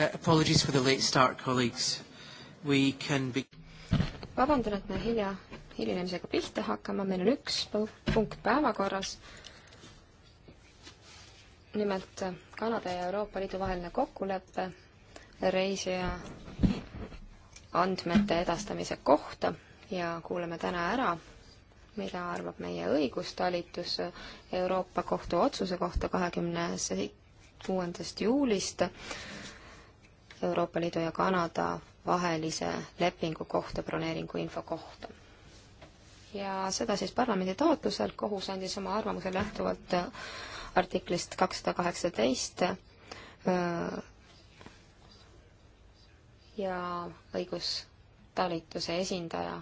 Uh, apologies for the late start, colleagues. We can be... vabandan, et me hilja, hilinemisega pihta hakkame, meil on üks punkt päevakorras. nimelt äh, Kanada ja Euroopa Liidu vaheline kokkulepe reisija andmete edastamise kohta ja kuulame täna ära, mida arvab meie õigustalitus Euroopa Kohtu otsuse kohta kahekümne kuuendast juulist Euroopa Liidu ja Kanada vahelise lepingu kohta, broneeringu info kohta. ja seda siis parlamendi taotlusel, kohus andis oma arvamuse lähtuvalt äh, artiklist kakssada kaheksateist äh, ja õigustalituse esindaja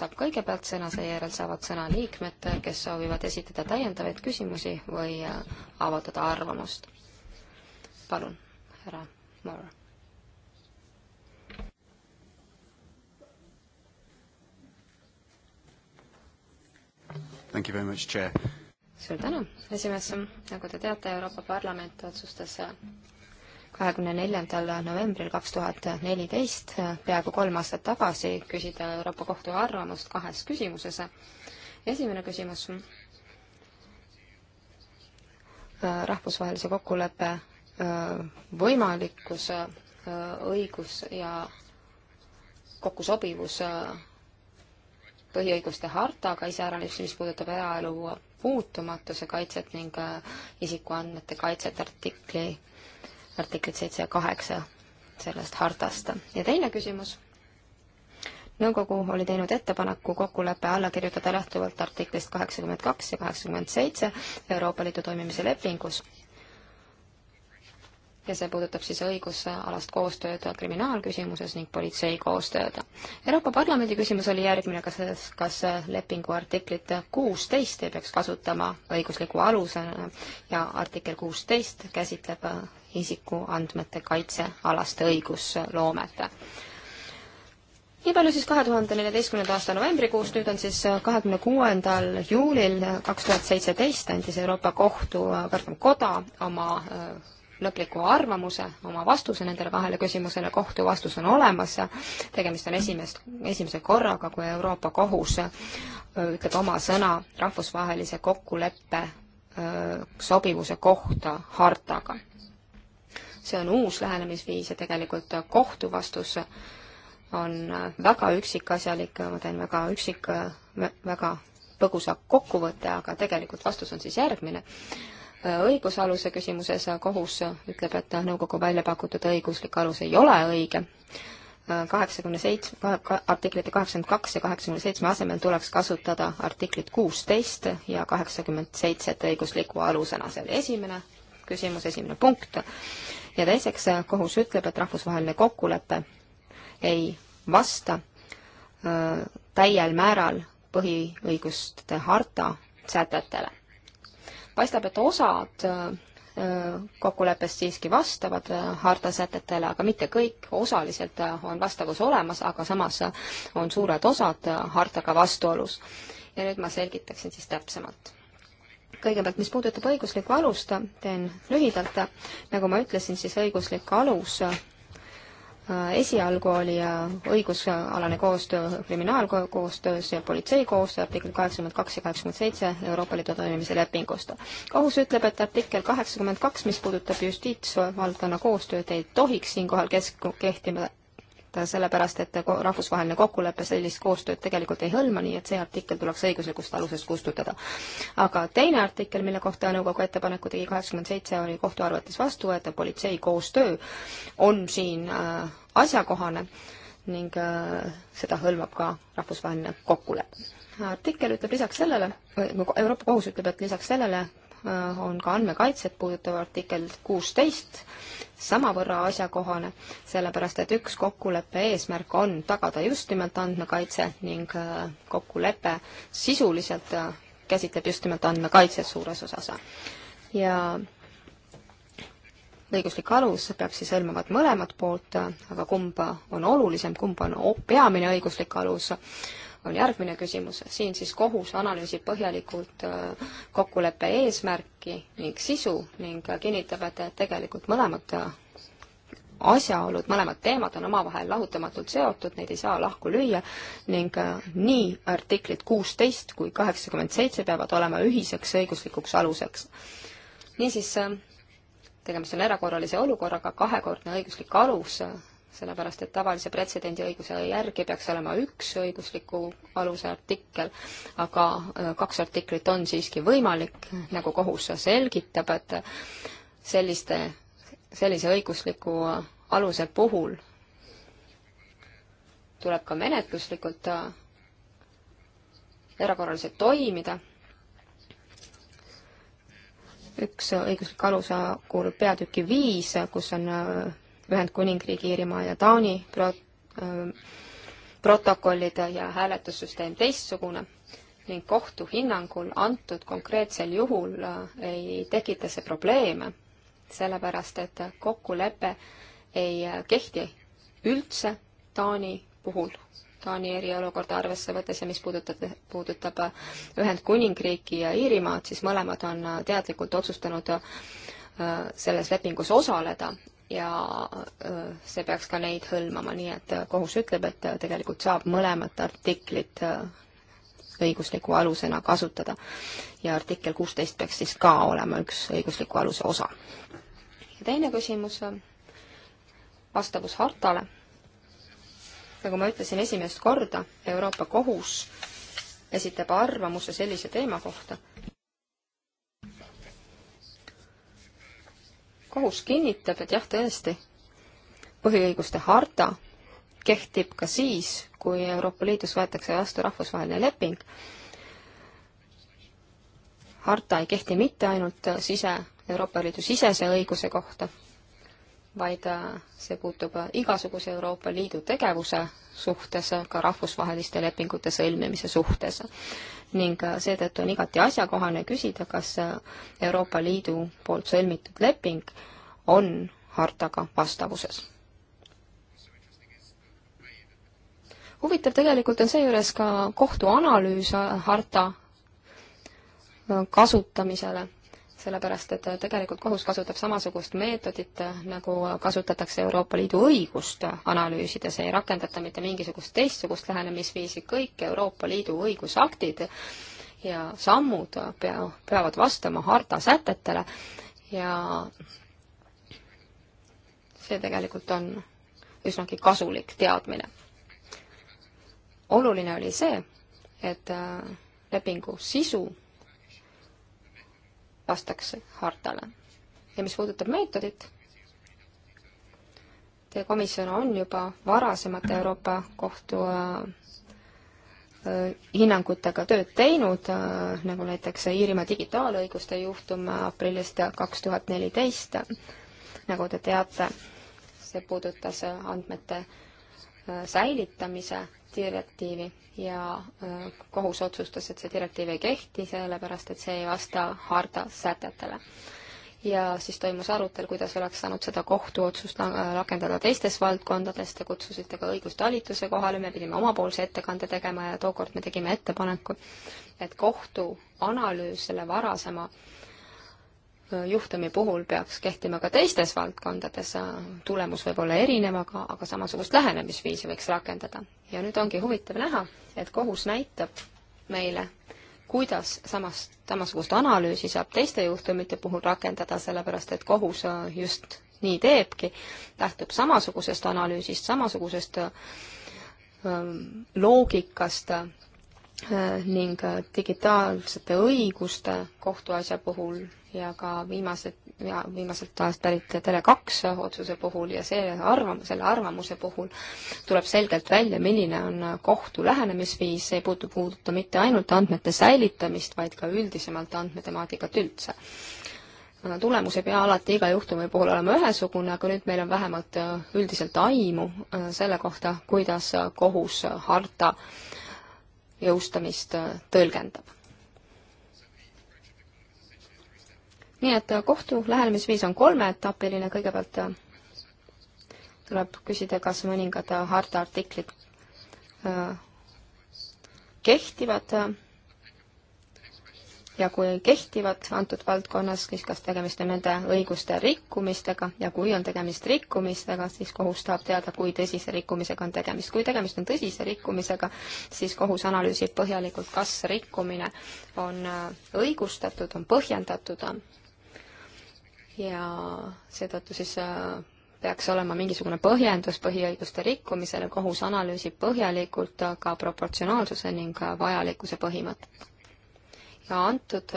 saab kõigepealt sõna, seejärel saavad sõna liikmed, kes soovivad esitada täiendavaid küsimusi või äh, avaldada arvamust. palun, härra Moore. Thank you very much, Chair. suur tänu, esimees. nagu te teate, Euroopa Parlament otsustas kahekümne neljandal novembril kaks tuhat neliteist, peaaegu kolm aastat tagasi, küsida Euroopa Kohtu arvamust kahes küsimuses. esimene küsimus, rahvusvahelise kokkuleppe äh, võimalikkus, äh, õigus ja kokkusobivus äh, põhiõiguste hartaga, iseäranis mis puudutab eraelu puutumatuse kaitset ning äh, isikuandmete kaitset artikli, artiklid seitse ja kaheksa sellest hartast. ja teine küsimus, nõukogu oli teinud ettepaneku kokkulepe alla kirjutada lähtuvalt artiklist kaheksakümmend kaks ja kaheksakümmend seitse Euroopa Liidu toimimise lepingus ja see puudutab siis õigusalast koostööd kriminaalküsimuses ning politsei koostööd. Euroopa Parlamendi küsimus oli järgmine, kas, kas lepingu artiklit kuusteist ei peaks kasutama õigusliku alusena ja artikkel kuusteist käsitleb isikuandmete kaitsealast õigusloomet nii palju siis kahe tuhande neljateistkümnenda aasta novembrikuust, nüüd on siis kahekümne kuuendal juulil kaks tuhat seitseteist andis Euroopa Kohtu kõrgem koda oma lõpliku arvamuse, oma vastuse nendele kahele küsimusele, kohtu vastus on olemas, tegemist on esimest, esimese korraga, kui Euroopa Kohus äh, ütleb oma sõna rahvusvahelise kokkuleppe äh, sobivuse kohta hartaga. see on uus lähenemisviis ja tegelikult äh, kohtu vastus on väga üksikasjalik, ma teen väga üksik, väga põgusa kokkuvõtte, aga tegelikult vastus on siis järgmine õigusaluse küsimuses kohus ütleb, et nõukogu välja pakutud õiguslik alus ei ole õige. kaheksakümne seitsme, artiklite kaheksakümmend kaks ja kaheksakümne seitsme asemel tuleks kasutada artiklit kuusteist ja kaheksakümmend seitset õigusliku alusena, see oli esimene küsimus, esimene punkt. ja teiseks, kohus ütleb, et rahvusvaheline kokkulepe ei vasta öö, äh, täiel määral põhiõiguste harta sätetele paistab, et osad äh, kokkuleppest siiski vastavad äh, harta sätetele, aga mitte kõik, osaliselt äh, on vastavus olemas, aga samas on suured osad hartaga vastuolus. ja nüüd ma selgitaksin siis täpsemalt kõigepealt, mis puudutab õiguslikku alust, teen lühidalt, nagu ma ütlesin, siis õiguslik alus Äh, esialgu oli äh, õigusalane koostöö kriminaalkoostöös ja politsei koostöö artikkel kaheksakümmend kaks ja kaheksakümmend seitse Euroopa Liidu toimimise lepingust. kohus ütleb, et artikkel kaheksakümmend kaks, mis puudutab justiitsvaldkonna koostööd, ei tohiks siinkohal kesk-, kehtima sellepärast et rahvusvaheline kokkulepe sellist koostööd tegelikult ei hõlma, nii et see artikkel tuleks õiguslikust alusest kustutada. aga teine artikkel, mille kohta nõukogu ettepaneku tegi kaheksakümmend seitse, oli kohtu arvates vastuvõetav, politsei koostöö on siin äh, asjakohane ning äh, seda hõlmab ka rahvusvaheline kokkulepe artikkel ütleb lisaks sellele, Euroopa Kohus ütleb, et lisaks sellele Äh, on ka andmekaitset puudutav artikkel kuusteist samavõrra asjakohane, sellepärast et üks kokkuleppe eesmärk on tagada just nimelt andmekaitse ning äh, kokkulepe sisuliselt äh, käsitleb just nimelt andmekaitset suures osas. ja õiguslik alus peab siis hõlmavad mõlemat poolt, aga kumba on olulisem, kumb on peamine õiguslik alus, on järgmine küsimus. siin siis kohus analüüsib põhjalikult äh, kokkuleppe eesmärki ning sisu ning kinnitab, et tegelikult mõlemad äh, asjaolud, mõlemad teemad on omavahel lahutamatult seotud, neid ei saa lahku lüüa ning äh, nii artiklid kuusteist kui kaheksakümmend seitse peavad olema ühiseks õiguslikuks aluseks. niisiis, tegemist on erakorralise olukorraga, kahekordne õiguslik alus sellepärast et tavalise pretsedendiõiguse järgi peaks olema üks õigusliku aluse artikkel, aga äh, kaks artiklit on siiski võimalik, nagu kohus selgitab, et selliste, sellise õigusliku aluse puhul tuleb ka menetluslikult äh, erakorraliselt toimida. üks õiguslik alus äh, kuulub peatüki viis, kus on Ühendkuningriigi, Iirimaa ja Taani pro-, ähm, protokollid ja hääletussüsteem teistsugune ning kohtu hinnangul antud konkreetsel juhul äh, ei tekita see probleeme, sellepärast et kokkulepe ei äh, kehti üldse Taani puhul, Taani eriolukorda arvesse võttes ja mis puudutab, puudutab äh, Ühendkuningriiki ja Iirimaad, siis mõlemad on teadlikult otsustanud selles lepingus osaleda, ja see peaks ka neid hõlmama, nii et kohus ütleb, et tegelikult saab mõlemat artiklit õigusliku alusena kasutada ja artikkel kuusteist peaks siis ka olema üks õigusliku aluse osa. ja teine küsimus, vastavus hartale. nagu ma ütlesin esimest korda, Euroopa Kohus esitab arvamuse sellise teema kohta kohus kinnitab, et jah, tõesti, põhiõiguste harta kehtib ka siis, kui Euroopa Liidus võetakse vastu rahvusvaheline leping. harta ei kehti mitte ainult sise, Euroopa Liidu sisese õiguse kohta, vaid see puutub igasuguse Euroopa Liidu tegevuse suhtes, ka rahvusvaheliste lepingute sõlmimise suhtes. ning seetõttu on igati asjakohane küsida, kas Euroopa Liidu poolt sõlmitud leping on hartaga vastavuses. huvitav tegelikult on seejuures ka kohtuanalüüs harta kasutamisele sellepärast et tegelikult kohus kasutab samasugust meetodit, nagu kasutatakse Euroopa Liidu õigust analüüsides, ei rakendata mitte mingisugust teistsugust lähenemisviisi, kõik Euroopa Liidu õigusaktid ja sammud pea, peavad vastama harta sätetele ja see tegelikult on üsnagi kasulik teadmine. oluline oli see, et lepingu sisu vastaks hartale. ja mis puudutab meetodit, teie komisjon on juba varasemate Euroopa Kohtu äh, äh, hinnangutega tööd teinud, äh, nagu näiteks Iirimaa digitaalõiguste juhtum aprillist kaks tuhat neliteist, nagu te teate, see puudutas andmete säilitamise direktiivi ja kohus otsustas, et see direktiiv ei kehti, sellepärast et see ei vasta harta sätetele. ja siis toimus arutelu, kuidas oleks saanud seda kohtuotsust rakendada teistes valdkondades, te kutsusite ka õigustalituse kohale, me pidime omapoolse ettekande tegema ja tookord me tegime ettepaneku, et kohtu analüüs selle varasema äh, juhtumi puhul peaks kehtima ka teistes valdkondades, tulemus võib olla erinev, aga, aga samasugust lähenemisviisi võiks rakendada. ja nüüd ongi huvitav näha, et kohus näitab meile, kuidas samas, samasugust analüüsi saab teiste juhtumite puhul rakendada, sellepärast et kohus just nii teebki, lähtub samasugusest analüüsist, samasugusest ähm, loogikast äh, ning digitaalsete õiguste kohtuasja puhul ja ka viimased ja viimaselt ajast pärit Tele2 otsuse puhul ja see arvam-, selle arvamuse puhul tuleb selgelt välja, milline on kohtu lähenemisviis, see ei puutu, puuduta mitte ainult andmete säilitamist, vaid ka üldisemalt andmetemaatikat üldse. tulemus ei pea alati iga juhtumi puhul olema ühesugune, aga nüüd meil on vähemalt äh, üldiselt aimu äh, selle kohta, kuidas kohus harta jõustamist äh, tõlgendab nii et äh, kohtu lähenemisviis on kolmeetapiline, kõigepealt äh, tuleb küsida, kas mõningad äh, harta artiklid kehtivad ja kui kehtivad antud valdkonnas, siis kas tegemist on nende õiguste rikkumistega ja kui on tegemist rikkumistega, siis kohus tahab teada, kui tõsise rikkumisega on tegemist. kui tegemist on tõsise rikkumisega, siis kohus analüüsib põhjalikult, kas rikkumine on õigustatud, on põhjendatud, ja seetõttu siis äh, peaks olema mingisugune põhjendus põhiõiguste rikkumisele, kohus analüüsib põhjalikult äh, ka proportsionaalsuse ning äh, vajalikkuse põhimõtet. ja antud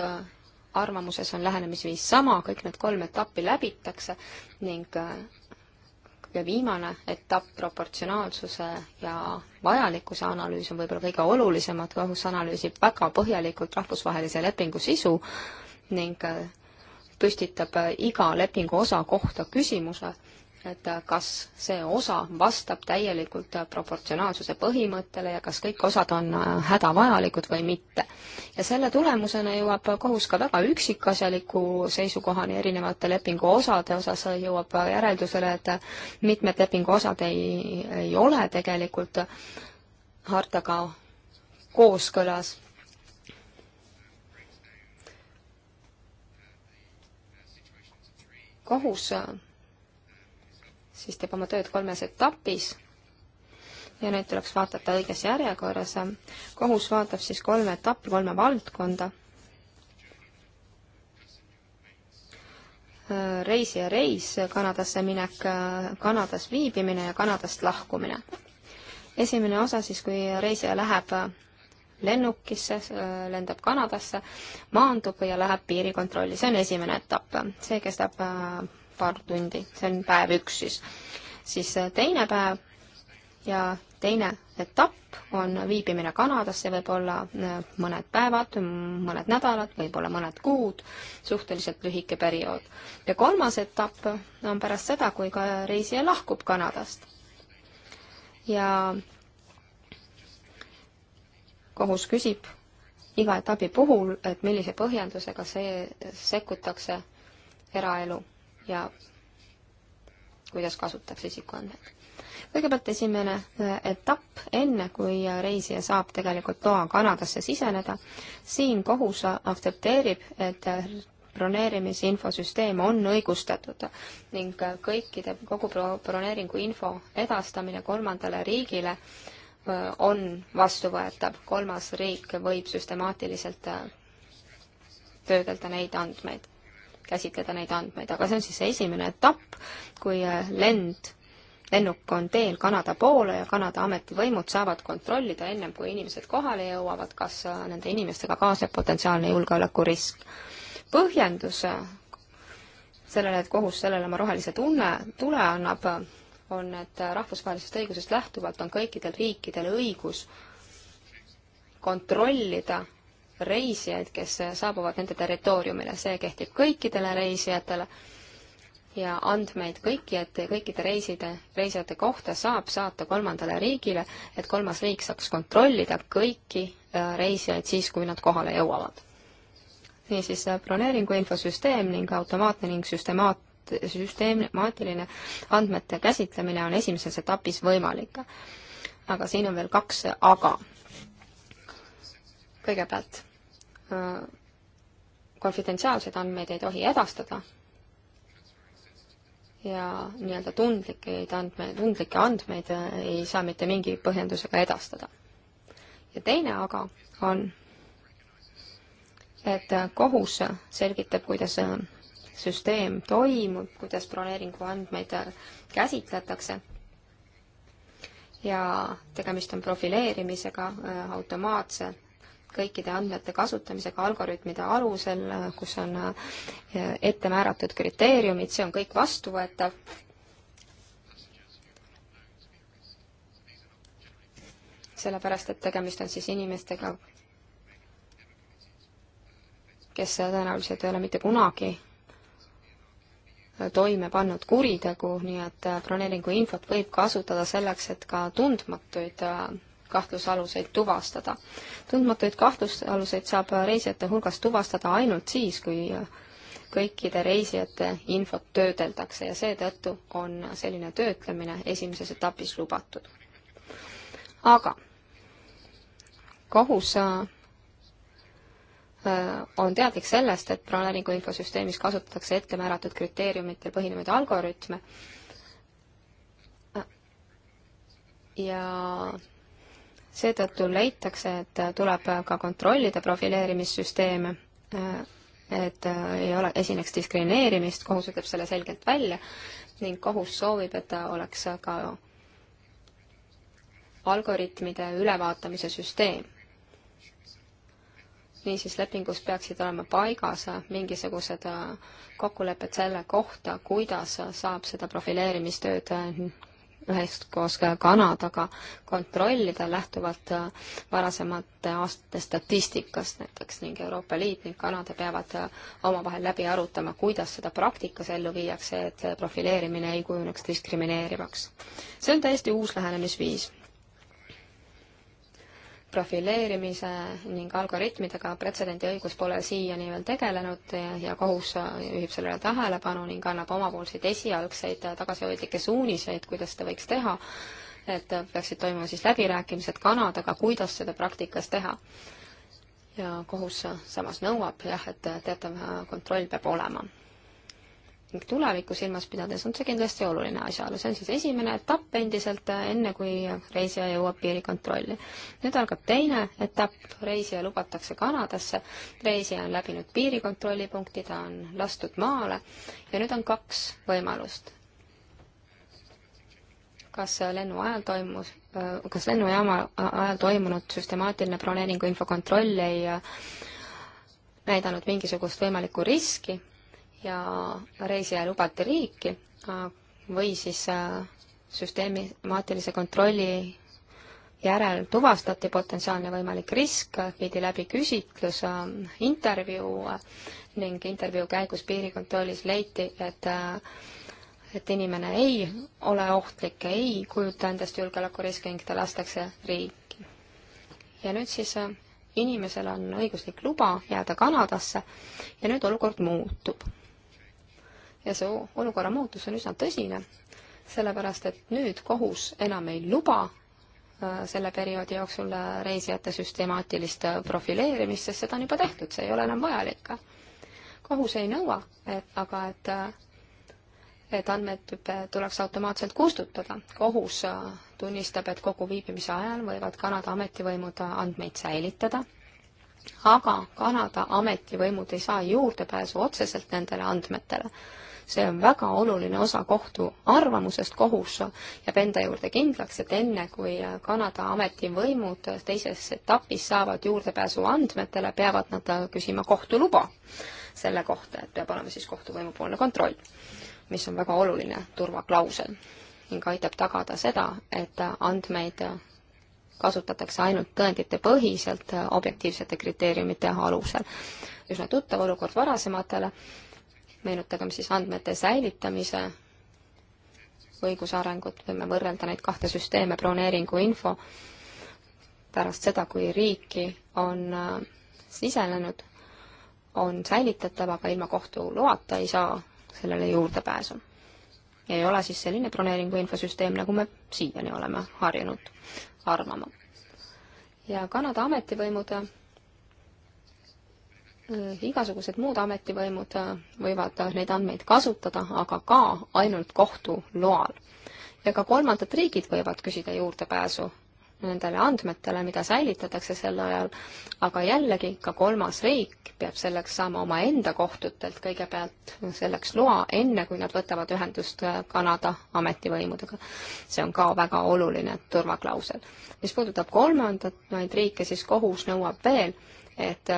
arvamuses on lähenemisviis sama, kõik need kolm etappi läbitakse ning ja viimane etapp, proportsionaalsuse ja vajalikkuse analüüs on võib-olla kõige olulisemad, kohus analüüsib väga põhjalikult rahvusvahelise lepingu sisu ning püstitab äh, iga lepingu osa kohta küsimuse, et äh, kas see osa vastab täielikult äh, proportsionaalsuse põhimõttele ja kas kõik osad on hädavajalikud või mitte. ja selle tulemusena jõuab kohus ka väga üksikasjaliku seisukohani erinevate lepingu osade osas, jõuab järeldusele, et mitmed lepingu osad ei, ei ole tegelikult hartaga kooskõlas kohus siis teeb oma tööd kolmes etapis ja neid tuleks vaadata õiges järjekorras. kohus vaatab siis kolme etappi, kolme valdkonda. reis ja reis, Kanadasse minek, Kanadas viibimine ja Kanadast lahkumine. esimene osa siis, kui reisija läheb lennukisse, äh, lendab Kanadasse, maandub ja läheb piirikontrolli, see on esimene etapp. see kestab äh, paar tundi, see on päev üks siis. siis äh, teine päev ja teine etapp on viibimine Kanadas, see võib olla mõned päevad, mõned nädalad, võib-olla mõned kuud, suhteliselt lühike periood. ja kolmas etapp on pärast seda, kui ka reisija lahkub Kanadast. ja kohus küsib iga etapi puhul, et millise põhjendusega see sekkutakse eraelu ja kuidas kasutatakse isikuandmeid. kõigepealt esimene e, etapp, enne kui reisija saab tegelikult loa Kanadasse siseneda, siin kohus aktsepteerib, et broneerimise infosüsteem on õigustatud ning kõikide, kogu broneeringu info edastamine kolmandale riigile äh, Äh, on vastuvõetav, kolmas riik võib süstemaatiliselt äh, töödelda neid andmeid, käsitleda neid andmeid, aga see on siis esimene etapp, kui äh, lend, lennuk on teel Kanada poole ja Kanada ametivõimud saavad kontrollida ennem, kui inimesed kohale jõuavad, kas nende inimestega kaasneb potentsiaalne julgeolekurisk. põhjendus sellele, et kohus sellele oma rohelise tunne, tule annab, on, et rahvusvahelisest õigusest lähtuvalt on kõikidel riikidel õigus kontrollida reisijaid, kes saabuvad nende territooriumile, see kehtib kõikidele reisijatele ja andmeid kõikide, kõikide reiside, reisijate kohta saab saata kolmandale riigile, et kolmas riik saaks kontrollida kõiki äh, reisijaid siis, kui nad kohale jõuavad. niisiis broneeringu infosüsteem ning automaatne ning süstemaat-, süsteemaatiline andmete käsitlemine on esimeses etapis võimalik. aga siin on veel kaks aga. kõigepealt, äh, konfidentsiaalseid andmeid ei tohi edastada ja nii-öelda tundlikeid andmeid, tundlikke andmeid äh, ei saa mitte mingi põhjendusega edastada. ja teine aga on, et kohus selgitab, kuidas äh, süsteem toimub, kuidas broneeringu andmeid käsitletakse. ja tegemist on profileerimisega äh, automaatse kõikide andmete kasutamisega algoritmide alusel, äh, kus on äh, ette määratud kriteeriumid, see on kõik vastuvõetav. sellepärast, et tegemist on siis inimestega, kes tõenäoliselt ei ole mitte kunagi toime pannud kuritegu, nii et äh, broneeringu infot võib kasutada selleks, et ka tundmatuid äh, kahtlusaluseid tuvastada. tundmatuid kahtlusaluseid saab äh, reisijate hulgas tuvastada ainult siis, kui kõikide reisijate infot töödeldakse ja seetõttu on selline töötlemine esimeses etapis lubatud. aga kohus Äh, on teadlik sellest, et planeeringu infosüsteemis kasutatakse ettemääratud kriteeriumitel põhinevaid algoritme äh, ja seetõttu leitakse, et tuleb ka kontrollida profileerimissüsteeme, äh, et ei ole, esineks diskrimineerimist, kohus ütleb selle selgelt välja ning kohus soovib, et ta oleks ka algoritmide ülevaatamise süsteem niisiis lepingus peaksid olema paigas mingisugused äh, kokkulepped selle kohta, kuidas saab seda profileerimistööd äh, üheskoos Kanadaga kontrollida lähtuvalt äh, varasemate aastate statistikast näiteks ning Euroopa Liit ning Kanada peavad omavahel läbi arutama, kuidas seda praktikas ellu viiakse, et profileerimine ei kujuneks diskrimineerivaks. see on täiesti uus lähenemisviis profileerimise ning algoritmidega pretsedendi õigus pole siiani veel tegelenud ja kohus juhib sellele tähelepanu ning annab omapoolseid esialgseid tagasihoidlikke suuniseid, kuidas seda võiks teha, et peaksid toimuma siis läbirääkimised Kanadaga, kuidas seda praktikas teha. ja kohus samas nõuab jah, et teatav kontroll peab olema ning tulevikku silmas pidades on see kindlasti oluline asjaolu. see on siis esimene etapp endiselt, äh, enne kui reisija jõuab piirikontrolli. nüüd algab teine etapp, reisija lubatakse Kanadasse, reisija on läbinud piirikontrollipunkti, ta on lastud maale ja nüüd on kaks võimalust. kas lennu ajal toimus, äh, kas lennujaama äh, ajal toimunud süstemaatiline broneeringu infokontroll ei näidanud mingisugust võimalikku riski ja reisija lubati riiki äh, või siis äh, süsteemaatilise kontrolli järel tuvastati potentsiaalne võimalik risk, viidi läbi küsitlus, äh, intervjuu ning intervjuu käigus piirikontrollis leiti, et et inimene ei ole ohtlik, ei kujuta endast julgeolekuriski ning ta lastakse riiki. ja nüüd siis inimesel on õiguslik luba jääda Kanadasse ja nüüd olukord muutub ja see olukorra muutus on üsna tõsine, sellepärast et nüüd kohus enam ei luba äh, selle perioodi jooksul äh, reisijate süstemaatilist äh, profileerimist, sest seda on juba tehtud, see ei ole enam vajalik. kohus ei nõua, et aga et et andmed tuleks automaatselt kustutada. kohus tunnistab, et kogu viibimise ajal võivad Kanada ametivõimud andmeid säilitada, aga Kanada ametivõimud ei saa juurdepääsu otseselt nendele andmetele see on väga oluline osa kohtu arvamusest, kohus jääb enda juurde kindlaks, et enne, kui Kanada ametivõimud teises etapis saavad juurdepääsu andmetele, peavad nad küsima kohtu luba selle kohta, et peab olema siis kohtuvõimupoolne kontroll, mis on väga oluline turvaklausel ning aitab tagada seda, et andmeid kasutatakse ainult tõenditepõhiselt objektiivsete kriteeriumite alusel. üsna tuttav olukord varasematele meenutagem siis andmete säilitamise õiguse arengut, võime võrrelda neid kahte süsteeme, broneeringu info, pärast seda, kui riiki on äh, sisenenud, on säilitatav, aga ilma kohtu loata ei saa sellele juurdepääsu. ei ole siis selline broneeringu infosüsteem, nagu me siiani oleme harjunud arvama. ja Kanada ametivõimud Äh, igasugused muud ametivõimud äh, võivad äh, neid andmeid kasutada, aga ka ainult kohtu loal. ja ka kolmandad riigid võivad küsida juurdepääsu nendele andmetele, mida säilitatakse sel ajal, aga jällegi ka kolmas riik peab selleks saama omaenda kohtutelt kõigepealt selleks loa, enne kui nad võtavad ühendust Kanada ametivõimudega. see on ka väga oluline turvaklausel. mis puudutab kolmandat neid riike, siis kohus nõuab veel, et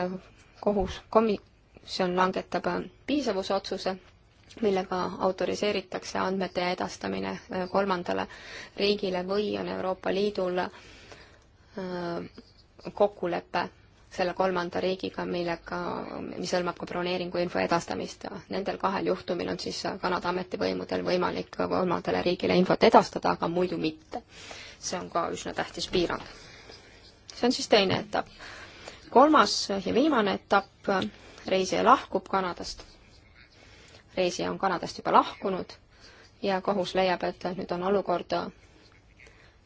kohus, komisjon langetab piisavusotsuse, millega autoriseeritakse andmete edastamine äh, kolmandale riigile või on Euroopa Liidul äh, kokkulepe selle kolmanda riigiga, millega, mis hõlmab ka broneeringuinfo edastamist. Nendel kahel juhtumil on siis Kanada ametivõimudel võimalik kolmandale riigile infot edastada, aga muidu mitte. see on ka üsna tähtis piirang. see on siis teine etapp kolmas ja viimane etapp, reisija lahkub Kanadast. reisija on Kanadast juba lahkunud ja kohus leiab, et nüüd on olukord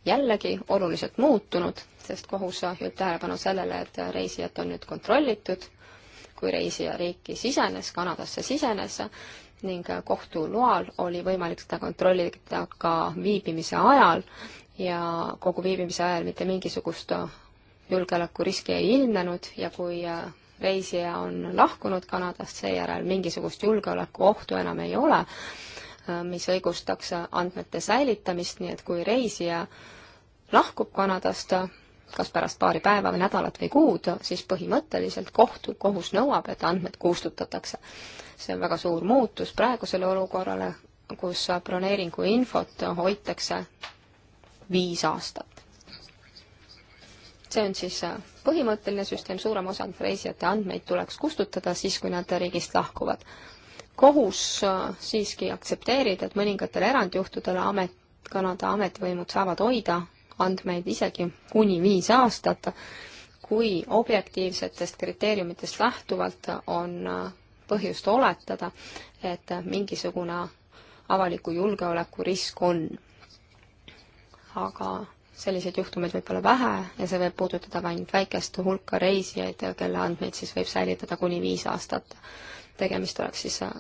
jällegi oluliselt muutunud, sest kohus juhib tähelepanu sellele, et reisijat on nüüd kontrollitud, kui reisija riiki sisenes, Kanadasse sisenes, ning kohtu loal oli võimalik seda kontrollida ka viibimise ajal ja kogu viibimise ajal mitte mingisugust julgeolekuriski ei ilmnenud ja kui äh, reisija on lahkunud Kanadast, seejärel mingisugust julgeolekuohtu enam ei ole, äh, mis õigustaks äh, andmete säilitamist, nii et kui reisija lahkub Kanadast, kas pärast paari päeva või nädalat või kuud, siis põhimõtteliselt kohtu, kohus nõuab, et andmed kustutatakse. see on väga suur muutus praegusele olukorrale, kus broneeringu infot hoitakse viis aastat see on siis äh, põhimõtteline süsteem, suurem osa reisijate andmeid tuleks kustutada siis, kui nad riigist lahkuvad. kohus äh, siiski aktsepteerib, et mõningatel erandjuhtudel amet, Kanada ametivõimud saavad hoida andmeid isegi kuni viis aastat, kui objektiivsetest kriteeriumitest lähtuvalt on äh, põhjust oletada, et mingisugune avaliku julgeoleku risk on. aga selliseid juhtumeid võib olla vähe ja see võib puudutada ainult väikest hulka reisijaid, kelle andmeid siis võib säilitada kuni viis aastat. tegemist oleks siis äh,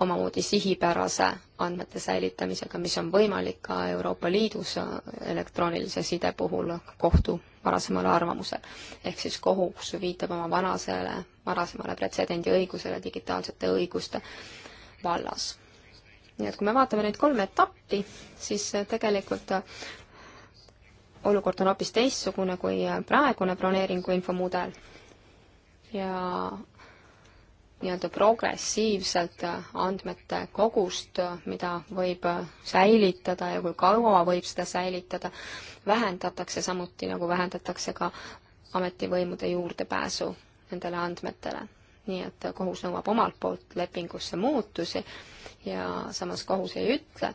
omamoodi sihipärase andmete säilitamisega, mis on võimalik ka Euroopa Liidus äh, elektroonilise side puhul kohtu varasemale arvamusele. ehk siis kohus viitab oma vanasele, varasemale pretsedendi õigusele digitaalsete õiguste vallas nii et kui me vaatame neid kolme etappi, siis äh, tegelikult olukord on hoopis teistsugune kui praegune broneeringu infomudel ja nii-öelda progressiivselt andmete kogust, mida võib säilitada ja kui kaua võib seda säilitada, vähendatakse samuti, nagu vähendatakse ka ametivõimude juurdepääsu nendele andmetele. nii et kohus nõuab omalt poolt lepingusse muutusi ja samas kohus ei ütle,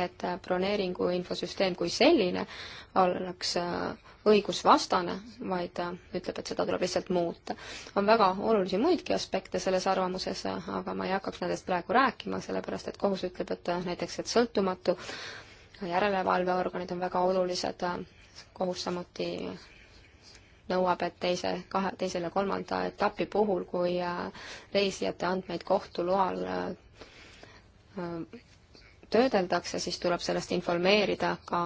et broneeringu infosüsteem kui selline oleks äh, õigusvastane, vaid äh, ütleb, et seda tuleb lihtsalt muuta. on väga olulisi muidki aspekte selles arvamuses, äh, aga ma ei hakkaks nendest praegu rääkima, sellepärast et kohus ütleb, et näiteks, et sõltumatu järelevalveorganid on väga olulised, kohus samuti nõuab, et teise, kahe, teisele kolmanda etapi puhul, kui reisijate andmeid kohtu loal töödeldakse, siis tuleb sellest informeerida ka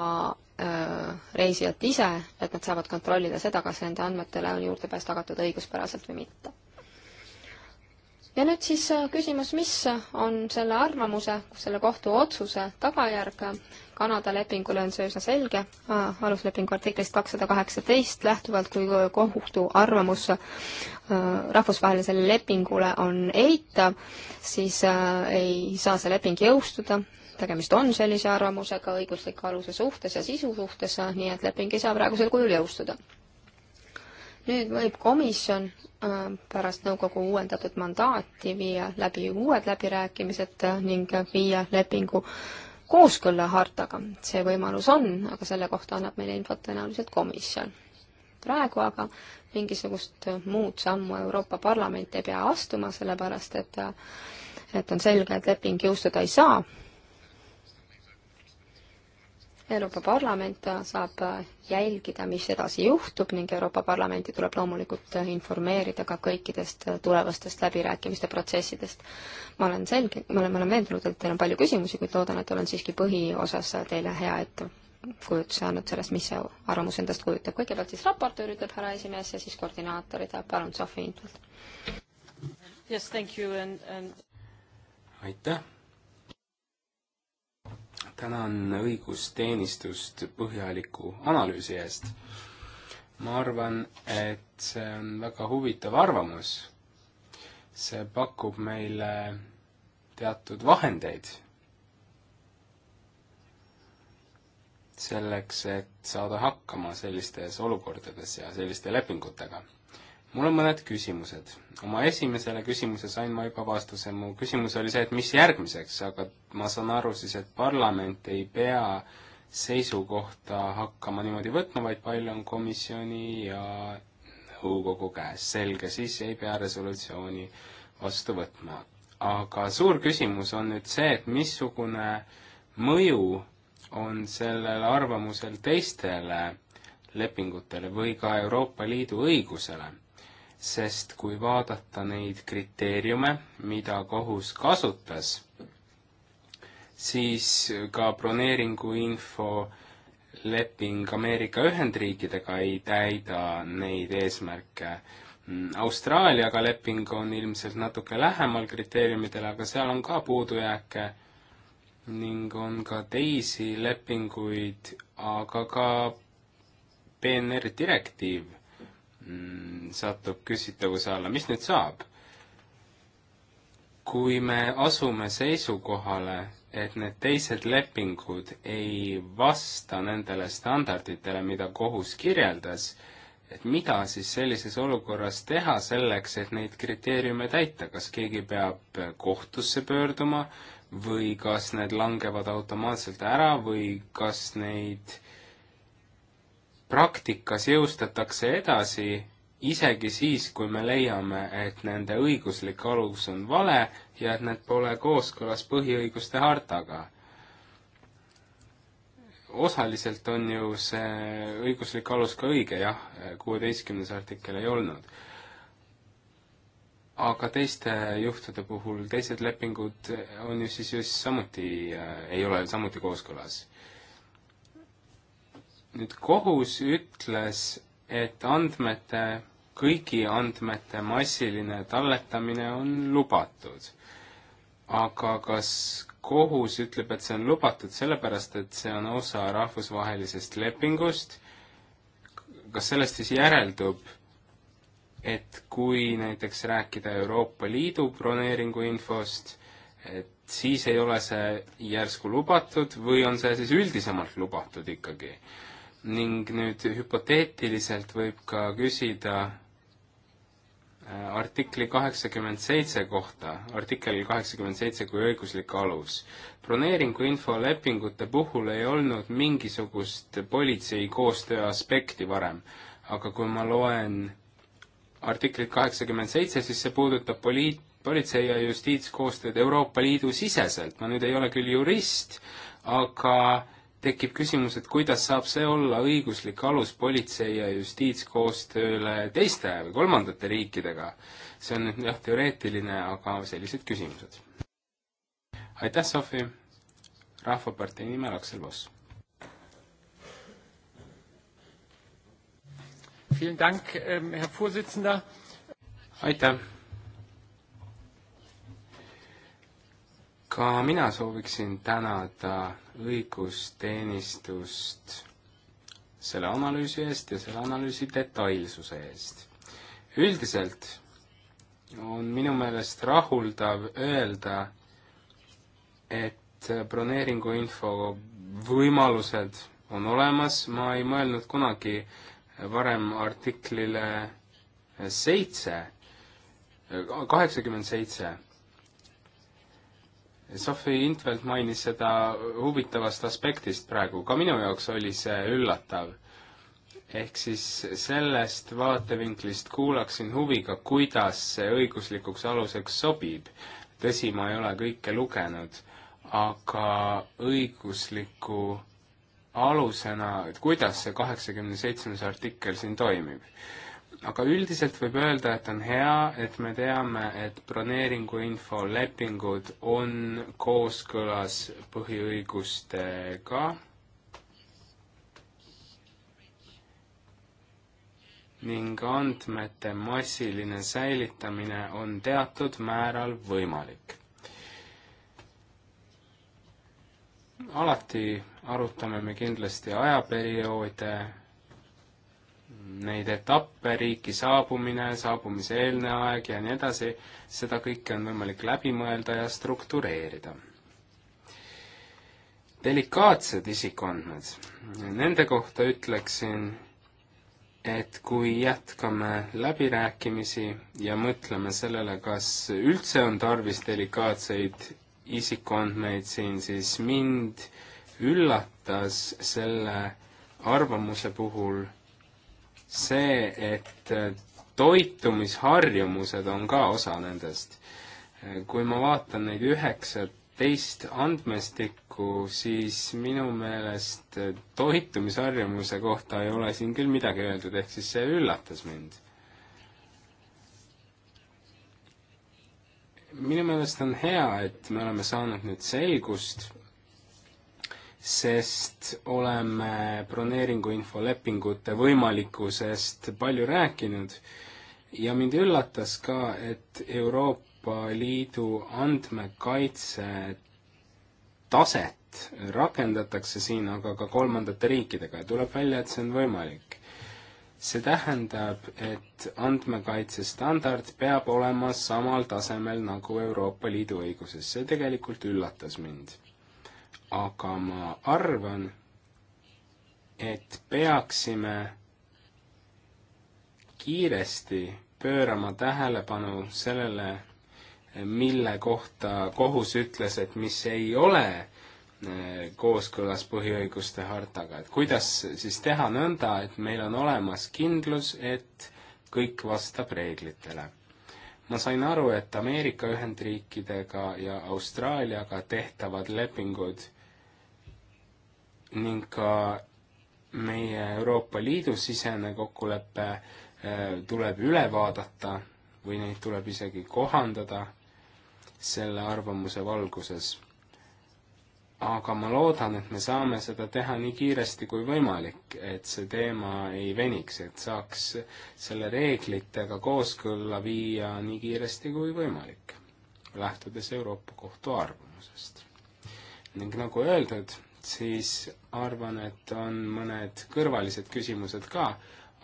reisijat ise, et nad saavad kontrollida seda, kas nende andmetele on juurdepääs tagatud õiguspäraselt või mitte. ja nüüd siis küsimus, mis on selle arvamuse, selle kohtuotsuse tagajärg? Kanada lepingule on see üsna selge, aluslepingu artiklist kakssada kaheksateist lähtuvalt, kui kohtu arvamus rahvusvahelisele lepingule on eitav, siis ei saa see leping jõustuda tegemist on sellise arvamusega õigusliku aluse suhtes ja sisu suhtes, nii et leping ei saa praegusel kujul jõustuda. nüüd võib komisjon äh, pärast nõukogu uuendatud mandaati viia läbi uued läbirääkimised ning viia lepingu kooskõlla hartaga. see võimalus on, aga selle kohta annab meile infot tõenäoliselt komisjon. praegu aga mingisugust muud sammu Euroopa Parlament ei pea astuma, sellepärast et äh, et on selge, et leping jõustuda ei saa Euroopa Parlament saab jälgida, mis edasi juhtub ning Euroopa Parlamenti tuleb loomulikult informeerida ka kõikidest tulevastest läbirääkimiste protsessidest. ma olen selge, ma olen, ma olen veendunud, et teil on palju küsimusi, kuid loodan, et olen siiski põhiosas teile hea ettekujutuse andnud sellest, mis see arvamus endast kujutab. kõigepealt siis raportöör ütleb härra esimees ja siis koordinaator ütleb palun Sofi Intvelt. Yes, thank you and, and aitäh tänan õigusteenistust põhjaliku analüüsi eest. ma arvan, et see on väga huvitav arvamus. see pakub meile teatud vahendeid selleks, et saada hakkama sellistes olukordades ja selliste lepingutega mul on mõned küsimused. oma esimesele küsimuse sain ma juba vastuse, mu küsimus oli see, et mis järgmiseks, aga ma saan aru siis, et parlament ei pea seisukohta hakkama niimoodi võtma, vaid palju on komisjoni ja nõukogu käes, selge, siis ei pea resolutsiooni vastu võtma. aga suur küsimus on nüüd see, et missugune mõju on sellel arvamusel teistele lepingutele või ka Euroopa Liidu õigusele sest kui vaadata neid kriteeriume, mida kohus kasutas, siis ka broneeringuinfo leping Ameerika Ühendriikidega ei täida neid eesmärke. Austraaliaga leping on ilmselt natuke lähemal kriteeriumidele, aga seal on ka puudujääke ning on ka teisi lepinguid, aga ka PNR direktiiv Mm, satub küsitavuse alla, mis nüüd saab? kui me asume seisukohale, et need teised lepingud ei vasta nendele standarditele, mida kohus kirjeldas, et mida siis sellises olukorras teha selleks, et neid kriteeriume täita, kas keegi peab kohtusse pöörduma või kas need langevad automaatselt ära või kas neid praktikas jõustatakse edasi, isegi siis, kui me leiame, et nende õiguslik alus on vale ja et need pole kooskõlas põhiõiguste hartaga. osaliselt on ju see õiguslik alus ka õige, jah, kuueteistkümnes artikkel ei olnud aga teiste juhtude puhul teised lepingud on ju siis just samuti äh,, ei ole samuti kooskõlas nüüd kohus ütles, et andmete, kõigi andmete massiline talletamine on lubatud. aga kas kohus ütleb, et see on lubatud sellepärast, et see on osa rahvusvahelisest lepingust, kas sellest siis järeldub, et kui näiteks rääkida Euroopa Liidu broneeringu infost, et siis ei ole see järsku lubatud või on see siis üldisemalt lubatud ikkagi? ning nüüd hüpoteetiliselt võib ka küsida äh, artikli kaheksakümmend seitse kohta, artikkel kaheksakümmend seitse kui õiguslik alus. broneeringuinfo lepingute puhul ei olnud mingisugust politsei koostöö aspekti varem, aga kui ma loen artiklit kaheksakümmend seitse, siis see puudutab poliit-, politsei- ja justiitskoostööd Euroopa Liidu siseselt, ma nüüd ei ole küll jurist, aga tekib küsimus, et kuidas saab see olla õiguslik alus politsei ja justiitskoostööle teiste või kolmandate riikidega. see on jah, teoreetiline, aga sellised küsimused. aitäh, Sofi! rahvapartei nimel Aksel Voss. Ähm, aitäh! ka mina sooviksin tänada õigusteenistust selle analüüsi eest ja selle analüüsi detailsuse eest. üldiselt on minu meelest rahuldav öelda, et broneeringuinfo võimalused on olemas, ma ei mõelnud kunagi varem artiklile seitse, kaheksakümmend seitse Sophie Intvelt mainis seda huvitavast aspektist praegu, ka minu jaoks oli see üllatav. ehk siis sellest vaatevinklist kuulaksin huviga, kuidas see õiguslikuks aluseks sobib. tõsi, ma ei ole kõike lugenud, aga õigusliku alusena, et kuidas see kaheksakümne seitsmes artikkel siin toimib aga üldiselt võib öelda, et on hea, et me teame, et broneeringuinfo lepingud on kooskõlas põhiõigustega. ning andmete massiline säilitamine on teatud määral võimalik. alati arutame me kindlasti ajaperioode neid etappe, riiki saabumine, saabumise eelne aeg ja nii edasi, seda kõike on võimalik läbi mõelda ja struktureerida. delikaatsed isikuandmed, nende kohta ütleksin, et kui jätkame läbirääkimisi ja mõtleme sellele, kas üldse on tarvis delikaatseid isikuandmeid siin, siis mind üllatas selle arvamuse puhul see, et äh, toitumisharjumused on ka osa nendest. Äh, kui ma vaatan neid üheksateist andmestikku, siis minu meelest äh, toitumisharjumuse kohta ei ole siin küll midagi öeldud, ehk siis see üllatas mind. minu meelest on hea, et me oleme saanud nüüd selgust sest oleme broneeringuinfo lepingute võimalikkusest palju rääkinud ja mind üllatas ka, et Euroopa Liidu andmekaitse taset rakendatakse siin aga ka kolmandate riikidega ja tuleb välja, et see on võimalik. see tähendab, et andmekaitsestandard peab olema samal tasemel nagu Euroopa Liidu õiguses, see tegelikult üllatas mind aga ma arvan, et peaksime kiiresti pöörama tähelepanu sellele, mille kohta kohus ütles, et mis ei ole eh, kooskõlas põhiõiguste hartaga, et kuidas siis teha nõnda, et meil on olemas kindlus, et kõik vastab reeglitele. ma sain aru, et Ameerika Ühendriikidega ja Austraaliaga tehtavad lepingud ning ka meie Euroopa Liidu sisene kokkulepe äh, tuleb üle vaadata või neid tuleb isegi kohandada selle arvamuse valguses. aga ma loodan, et me saame seda teha nii kiiresti kui võimalik, et see teema ei veniks, et saaks selle reeglitega kooskõlla viia nii kiiresti kui võimalik, lähtudes Euroopa Kohtu arvamusest. ning nagu öeldud siis arvan, et on mõned kõrvalised küsimused ka,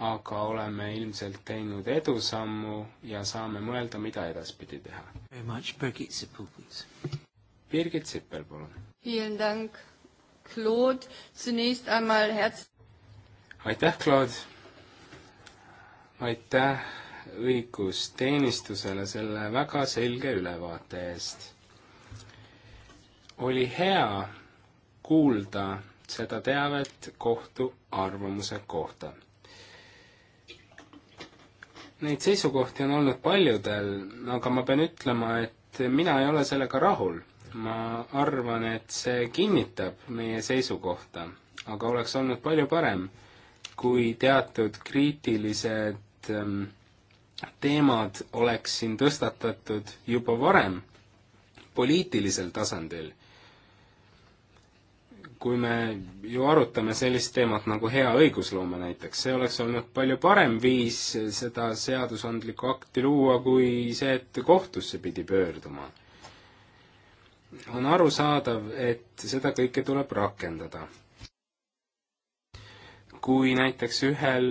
aga oleme ilmselt teinud edusammu ja saame mõelda, mida edaspidi teha. Birgit Sippel, Birgit Sippel, palun. aitäh, Claude! aitäh õigusteenistusele selle väga selge ülevaate eest. oli hea kuulda seda teavet kohtu arvamuse kohta. Neid seisukohti on olnud paljudel, aga ma pean ütlema, et mina ei ole sellega rahul. ma arvan, et see kinnitab meie seisukohta, aga oleks olnud palju parem, kui teatud kriitilised ähm, teemad oleks siin tõstatatud juba varem poliitilisel tasandil kui me ju arutame sellist teemat nagu hea õigusloome näiteks, see oleks olnud palju parem viis seda seadusandlikku akti luua, kui see, et kohtusse pidi pöörduma. on arusaadav, et seda kõike tuleb rakendada. kui näiteks ühel,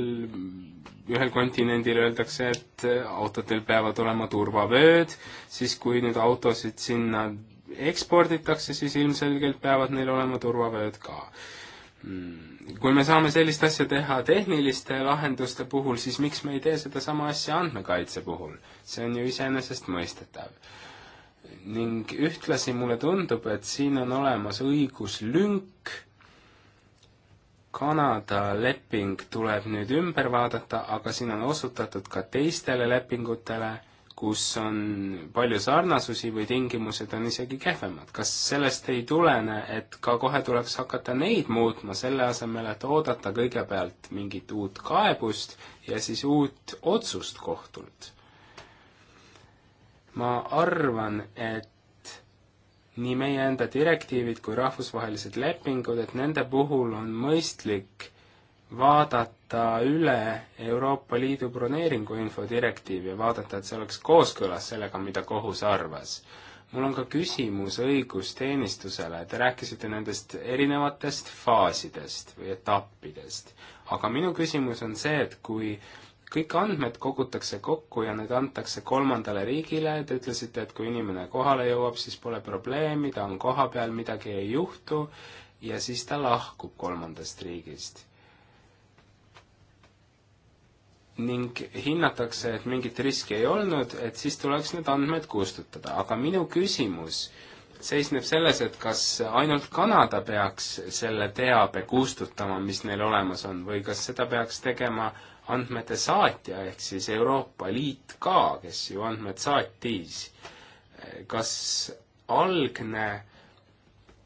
ühel kontinendil öeldakse, et autodel peavad olema turvavööd, siis kui nüüd autosid sinna eksporditakse, siis ilmselgelt peavad neil olema turvavööd ka. Mm. Kui me saame sellist asja teha tehniliste lahenduste puhul, siis miks me ei tee sedasama asja andmekaitse puhul? see on ju iseenesestmõistetav. ning ühtlasi mulle tundub, et siin on olemas õiguslünk, Kanada leping tuleb nüüd ümber vaadata, aga siin on osutatud ka teistele lepingutele kus on palju sarnasusi või tingimused on isegi kehvemad. kas sellest ei tulene, et ka kohe tuleks hakata neid muutma, selle asemel, et oodata kõigepealt mingit uut kaebust ja siis uut otsust kohtult? ma arvan, et nii meie enda direktiivid kui rahvusvahelised lepingud, et nende puhul on mõistlik vaadata üle Euroopa Liidu broneeringuinfo direktiiv ja vaadata, et see oleks kooskõlas sellega, mida kohus arvas. mul on ka küsimus õigusteenistusele, te rääkisite nendest erinevatest faasidest või etappidest, aga minu küsimus on see, et kui kõik andmed kogutakse kokku ja need antakse kolmandale riigile, te ütlesite, et kui inimene kohale jõuab, siis pole probleemi, ta on kohapeal, midagi ei juhtu, ja siis ta lahkub kolmandast riigist ning hinnatakse, et mingit riski ei olnud, et siis tuleks need andmed kustutada, aga minu küsimus seisneb selles, et kas ainult Kanada peaks selle teabe kustutama, mis neil olemas on, või kas seda peaks tegema andmete saatja, ehk siis Euroopa Liit ka, kes ju andmed saatis. kas algne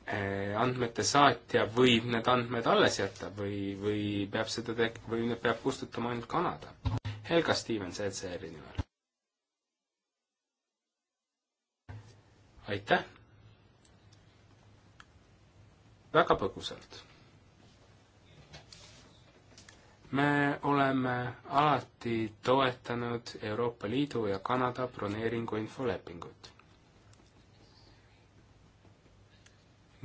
Eh, andmete saatja võib need andmed alles jätta või, või peab seda tek-, või need peab kustutama ainult Kanada. Helga Stevens ECR-i nimel. aitäh! väga põgusalt. me oleme alati toetanud Euroopa Liidu ja Kanada broneeringu infolepingut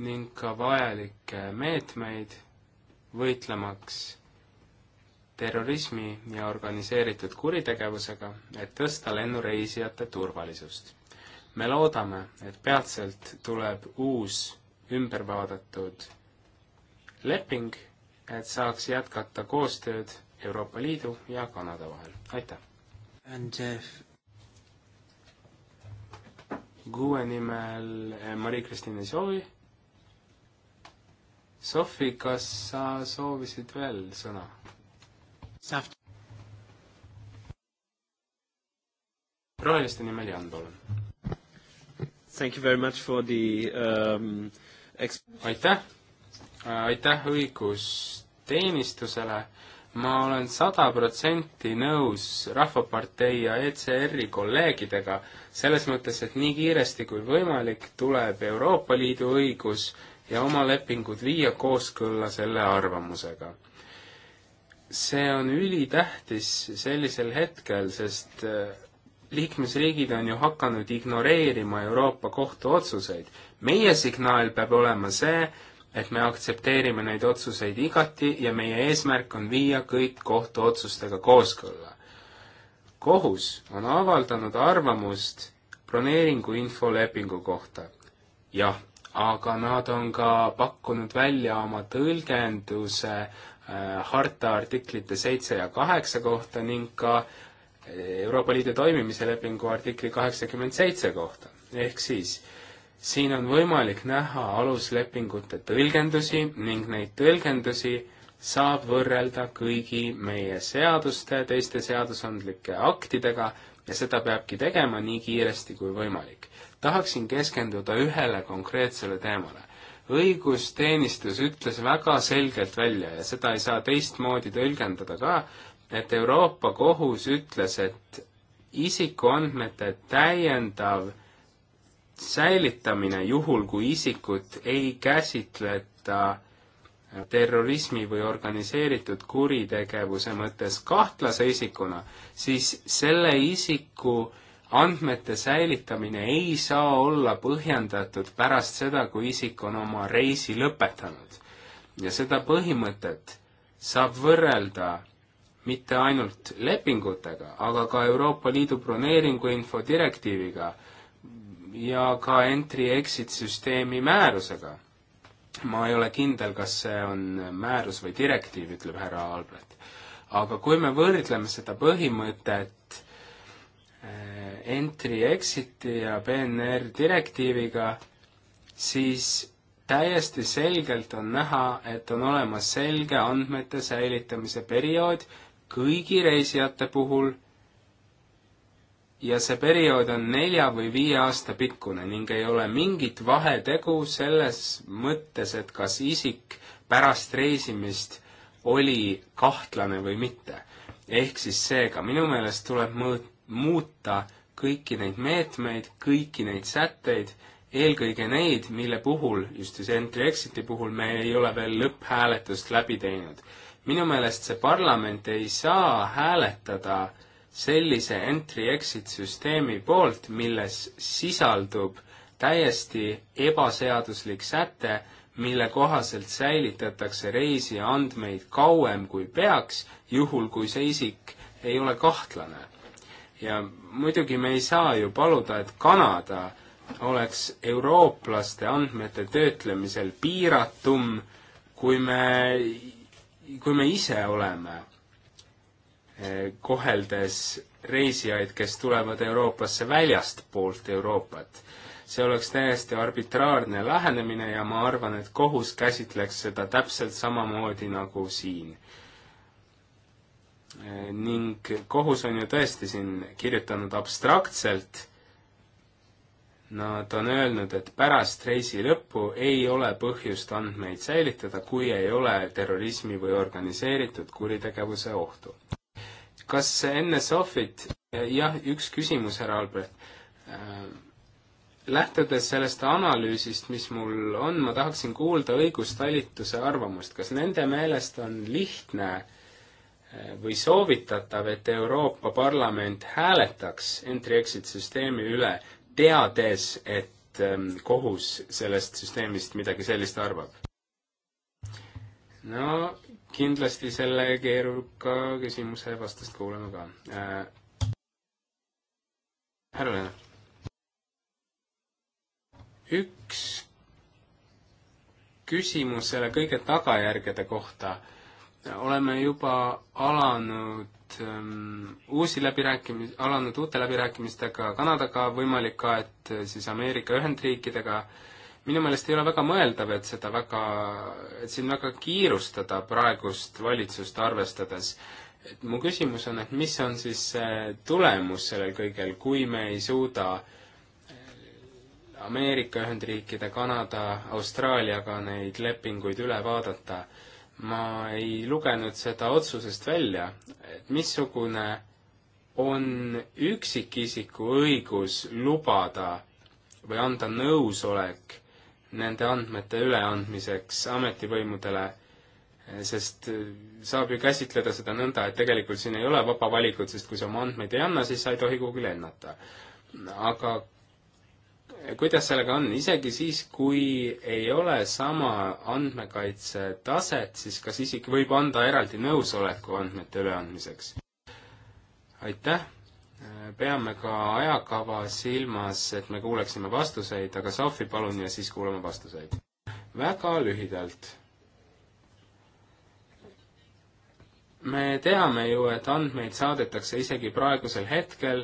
ning ka vajalikke meetmeid võitlemaks terrorismi ja organiseeritud kuritegevusega, et tõsta lennureisijate turvalisust. me loodame, et peatselt tuleb uus ümbervaadatud leping, et saaks jätkata koostööd Euroopa Liidu ja Kanada vahel, aitäh! Gue uh, nimel eh, Mari-Kristina Soovi Sofi, kas sa soovisid veel sõna? roheliste nimel Jan, palun. Thank you very much for the um, ex-. aitäh, äh, aitäh õigusteenistusele. ma olen sada protsenti nõus Rahvapartei ja ECR-i kolleegidega selles mõttes, et nii kiiresti kui võimalik tuleb Euroopa Liidu õigus ja oma lepingud viia kooskõlla selle arvamusega. see on ülitähtis sellisel hetkel, sest äh, liikmesriigid on ju hakanud ignoreerima Euroopa Kohtu otsuseid. meie signaal peab olema see, et me aktsepteerime neid otsuseid igati ja meie eesmärk on viia kõik kohtuotsustega kooskõlla. kohus on avaldanud arvamust broneeringu infolepingu kohta. jah aga nad on ka pakkunud välja oma tõlgenduse äh, harta artiklite seitse ja kaheksa kohta ning ka äh, Euroopa Liidu toimimise lepingu artikli kaheksakümmend seitse kohta. ehk siis siin on võimalik näha aluslepingute tõlgendusi ning neid tõlgendusi saab võrrelda kõigi meie seaduste, teiste seadusandlike aktidega ja seda peabki tegema nii kiiresti kui võimalik. tahaksin keskenduda ühele konkreetsele teemale. õigusteenistus ütles väga selgelt välja ja seda ei saa teistmoodi tõlgendada ka, et Euroopa Kohus ütles, et isikuandmete täiendav säilitamine juhul, kui isikut ei käsitleta terrorismi või organiseeritud kuritegevuse mõttes kahtlase isikuna, siis selle isiku andmete säilitamine ei saa olla põhjendatud pärast seda, kui isik on oma reisi lõpetanud. ja seda põhimõtet saab võrrelda mitte ainult lepingutega, aga ka Euroopa Liidu broneeringu infodirektiiviga ja ka entry-exit süsteemi määrusega ma ei ole kindel, kas see on määrus või direktiiv, ütleb härra Albrecht. aga kui me võrdleme seda põhimõtet eh, entry-exit'i ja PNR direktiiviga, siis täiesti selgelt on näha, et on olemas selge andmete säilitamise periood kõigi reisijate puhul ja see periood on nelja või viie aasta pikkune ning ei ole mingit vahetegu selles mõttes, et kas isik pärast reisimist oli kahtlane või mitte. ehk siis seega minu meelest tuleb mõõt-, muuta kõiki neid meetmeid, kõiki neid sätteid, eelkõige neid, mille puhul, just siis entry-exit'i puhul me ei ole veel lõpphääletust läbi teinud. minu meelest see parlament ei saa hääletada äh, sellise entry-exit süsteemi poolt, milles sisaldub täiesti ebaseaduslik säte, mille kohaselt säilitatakse reisija andmeid kauem kui peaks, juhul kui see isik ei ole kahtlane. ja muidugi me ei saa ju paluda, et Kanada oleks eurooplaste andmete töötlemisel piiratum, kui me, kui me ise oleme Eh, koheldes reisijaid, kes tulevad Euroopasse väljastpoolt Euroopat. see oleks täiesti arbitraarne lähenemine ja ma arvan, et kohus käsitleks seda täpselt samamoodi nagu siin. Eh, ning kohus on ju tõesti siin kirjutanud abstraktselt Nad on öelnud, et pärast reisi lõppu ei ole põhjust andmeid säilitada, kui ei ole terrorismi või organiseeritud kuritegevuse ohtu kas enne Sofit, jah, üks küsimus, härra Albrecht. Äh, lähtudes sellest analüüsist, mis mul on, ma tahaksin kuulda õigustalituse arvamust, kas nende meelest on lihtne äh, või soovitatav, et Euroopa Parlament hääletaks entry-exit süsteemi üle, teades, et ähm, kohus sellest süsteemist midagi sellist arvab? no kindlasti selle keeruka küsimuse vastust kuulame ka äh,. härra Lennart. üks küsimus selle kõige tagajärgede kohta. oleme juba alanud ähm, uusi läbirääkimisi, alanud uute läbirääkimistega Kanadaga, võimalik ka, et siis Ameerika Ühendriikidega äh, minu meelest ei ole väga mõeldav, et seda väga, et siin väga kiirustada praegust valitsust arvestades. et mu küsimus on, et mis on siis see tulemus sellel kõigel, kui me ei suuda eh, Ameerika Ühendriikide, Kanada, Austraaliaga neid lepinguid üle vaadata. ma ei lugenud seda otsusest välja, et missugune on üksikisiku õigus lubada või anda nõusolek nende andmete üleandmiseks ametivõimudele, sest saab ju käsitleda seda nõnda, et tegelikult siin ei ole vaba valikut, sest kui sa oma andmeid ei anna, siis sa ei tohi kuhugi lennata. aga kuidas sellega on, isegi siis, kui ei ole sama andmekaitse taset, siis kas isik võib anda eraldi nõusoleku andmete üleandmiseks? aitäh! peame ka ajakava silmas, et me kuuleksime vastuseid, aga Sofi, palun, ja siis kuulame vastuseid. väga lühidalt. me teame ju, et andmeid saadetakse isegi praegusel hetkel,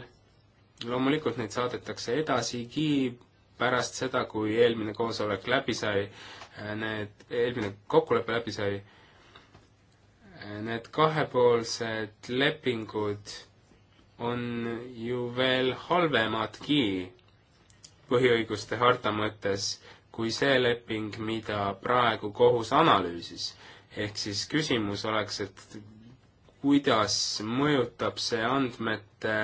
loomulikult neid saadetakse edasigi pärast seda, kui eelmine koosolek läbi sai, need, eelmine kokkulepe läbi sai, need kahepoolsed lepingud on ju veel halvemadki põhiõiguste harta mõttes kui see leping, mida praegu kohus analüüsis. ehk siis küsimus oleks, et kuidas mõjutab see andmete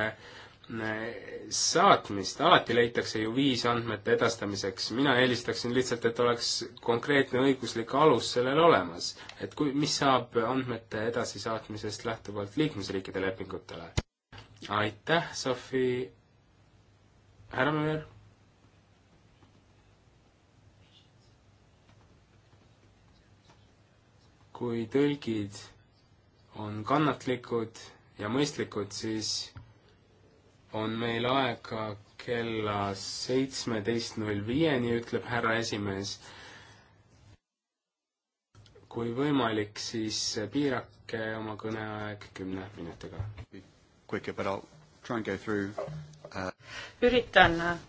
äh, saatmist, alati leitakse ju viis andmete edastamiseks, mina eelistaksin lihtsalt, et oleks konkreetne õiguslik alus sellel olemas. et kui, mis saab andmete edasisaatmisest lähtuvalt liikmesriikide lepingutele? aitäh, Sofi Härmöör. kui tõlgid on kannatlikud ja mõistlikud, siis on meil aega kella seitsmeteist null viieni, ütleb härra esimees. kui võimalik, siis piirake oma kõneaeg kümne minutiga quicker, but I'll try and go through uh.... üritan uh,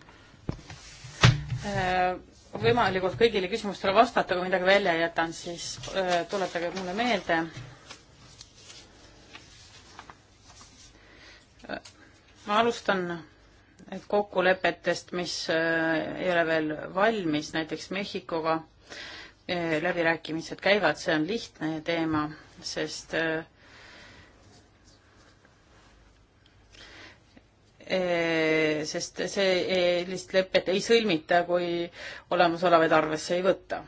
võimalikult kõigile küsimustele vastata, kui midagi välja jätan, siis uh, tuletage mulle meelde uh,. ma alustan kokkulepetest, mis uh, ei ole veel valmis, näiteks Mehhikoga uh, läbirääkimised käivad, see on lihtne teema, sest äh, sest sellist lepet ei sõlmita, kui olemasolevaid arvesse ei võta.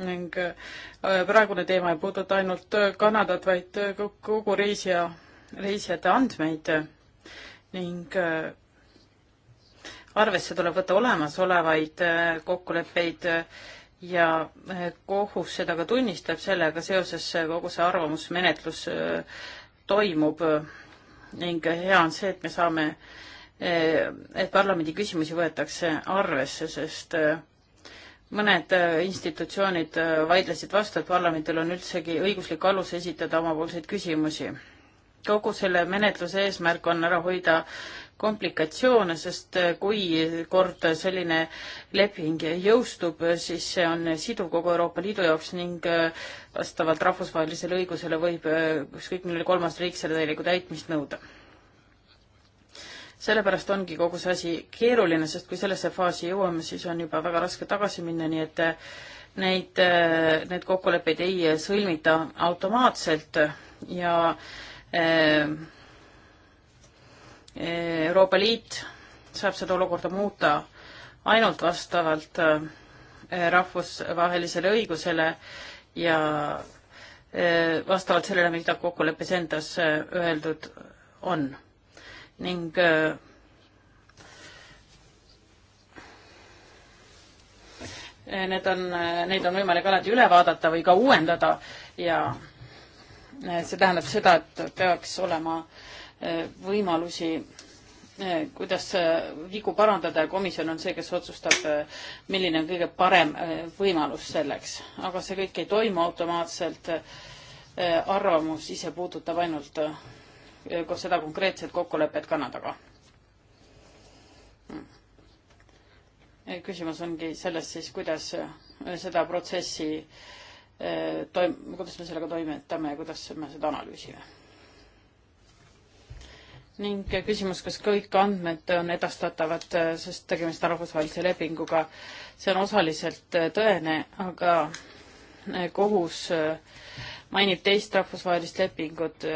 ning äh, praegune teema ei puuduta ainult Kanadat, vaid kogu reisija, reisijate andmeid ning äh, arvesse tuleb võtta olemasolevaid äh, kokkuleppeid ja kohus seda ka tunnistab, sellega seoses kogu see arvamusmenetlus toimub ning hea on see, et me saame, eh, et parlamendi küsimusi võetakse arvesse, sest eh, mõned eh, institutsioonid vaidlesid vastu, et parlamendil on üldsegi õiguslik alus esitada omapoolseid küsimusi. kogu selle menetluse eesmärk on ära hoida komplikatsioone, sest kui kord selline leping jõustub, siis see on siduv kogu Euroopa Liidu jaoks ning vastavalt rahvusvahelisele õigusele võib ükskõik milline kolmas riik selle täielikku täitmist nõuda. sellepärast ongi kogu see asi keeruline, sest kui sellesse faasi jõuame, siis on juba väga raske tagasi minna, nii et äh, neid, äh, neid kokkuleppeid ei äh, sõlmita automaatselt ja Euroopa Liit saab seda olukorda muuta ainult vastavalt rahvusvahelisele õigusele ja e, vastavalt sellele, mida kokkuleppes endas e, öeldud on. ning e, need on, neid on võimalik alati üle vaadata või ka uuendada ja see tähendab seda, et peaks olema võimalusi Eh, kuidas eh, vigu parandada ja komisjon on see, kes otsustab, eh, milline on kõige parem võimalus selleks. aga see kõik ei toimu automaatselt. arvamus ise puudutab ainult seda konkreetset kokkulepet Kanadaga. Hmm. küsimus ongi selles siis, kuidas seda protsessi toim-, kuidas me sellega toimetame ja kuidas me seda analüüsime ning küsimus, kas kõik andmed on edastatavad, äh, sest tegemist on rahvusvahelise lepinguga. see on osaliselt äh, tõene, aga äh, kohus mainib teist rahvusvahelist lepingut,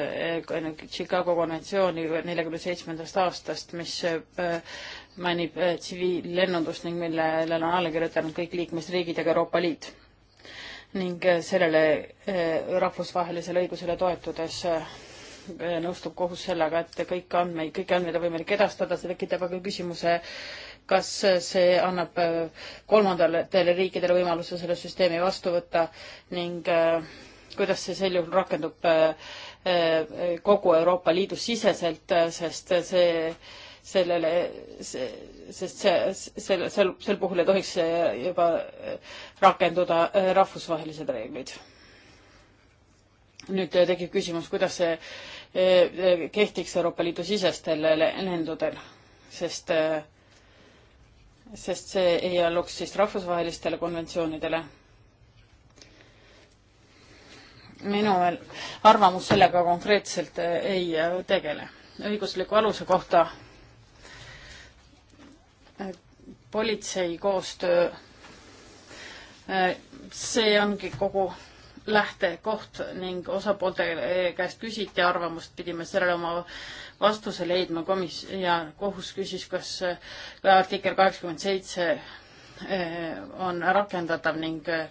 Chicago konventsiooni neljakümne seitsmendast aastast, mis mainib tsiviillennundust ning millele on alla kirjutanud kõik liikmesriigid ja ka Euroopa Liit. ning sellele rahvusvahelisele õigusele toetudes Äh, nõustub kohus sellega, et kõiki andmeid, kõiki andmeid on võimalik edastada, see tekitab aga küsimuse, kas see annab äh, kolmandatele riikidele võimaluse selle süsteemi vastu võtta ning äh, kuidas see sel juhul rakendub kogu Euroopa Liidu siseselt, sest see sellele, sest see, selle, sel, sel puhul ei tohiks juba rakenduda rahvusvahelised reeglid. nüüd tekib küsimus, kuidas see Eh, kehtiks Euroopa Liidu sisestel lennundudel, sest, eh, sest see ei alluks siis rahvusvahelistele konventsioonidele. minu arvamus sellega konkreetselt eh, ei tegele. õigusliku aluse kohta politsei koostöö, see ongi kogu lähtekoht ning osapoolte käest küsiti arvamust, pidime sellele oma vastuse leidma komis- ja kohus küsis, kas artikkel kaheksakümmend seitse eh, on rakendatav ning eh,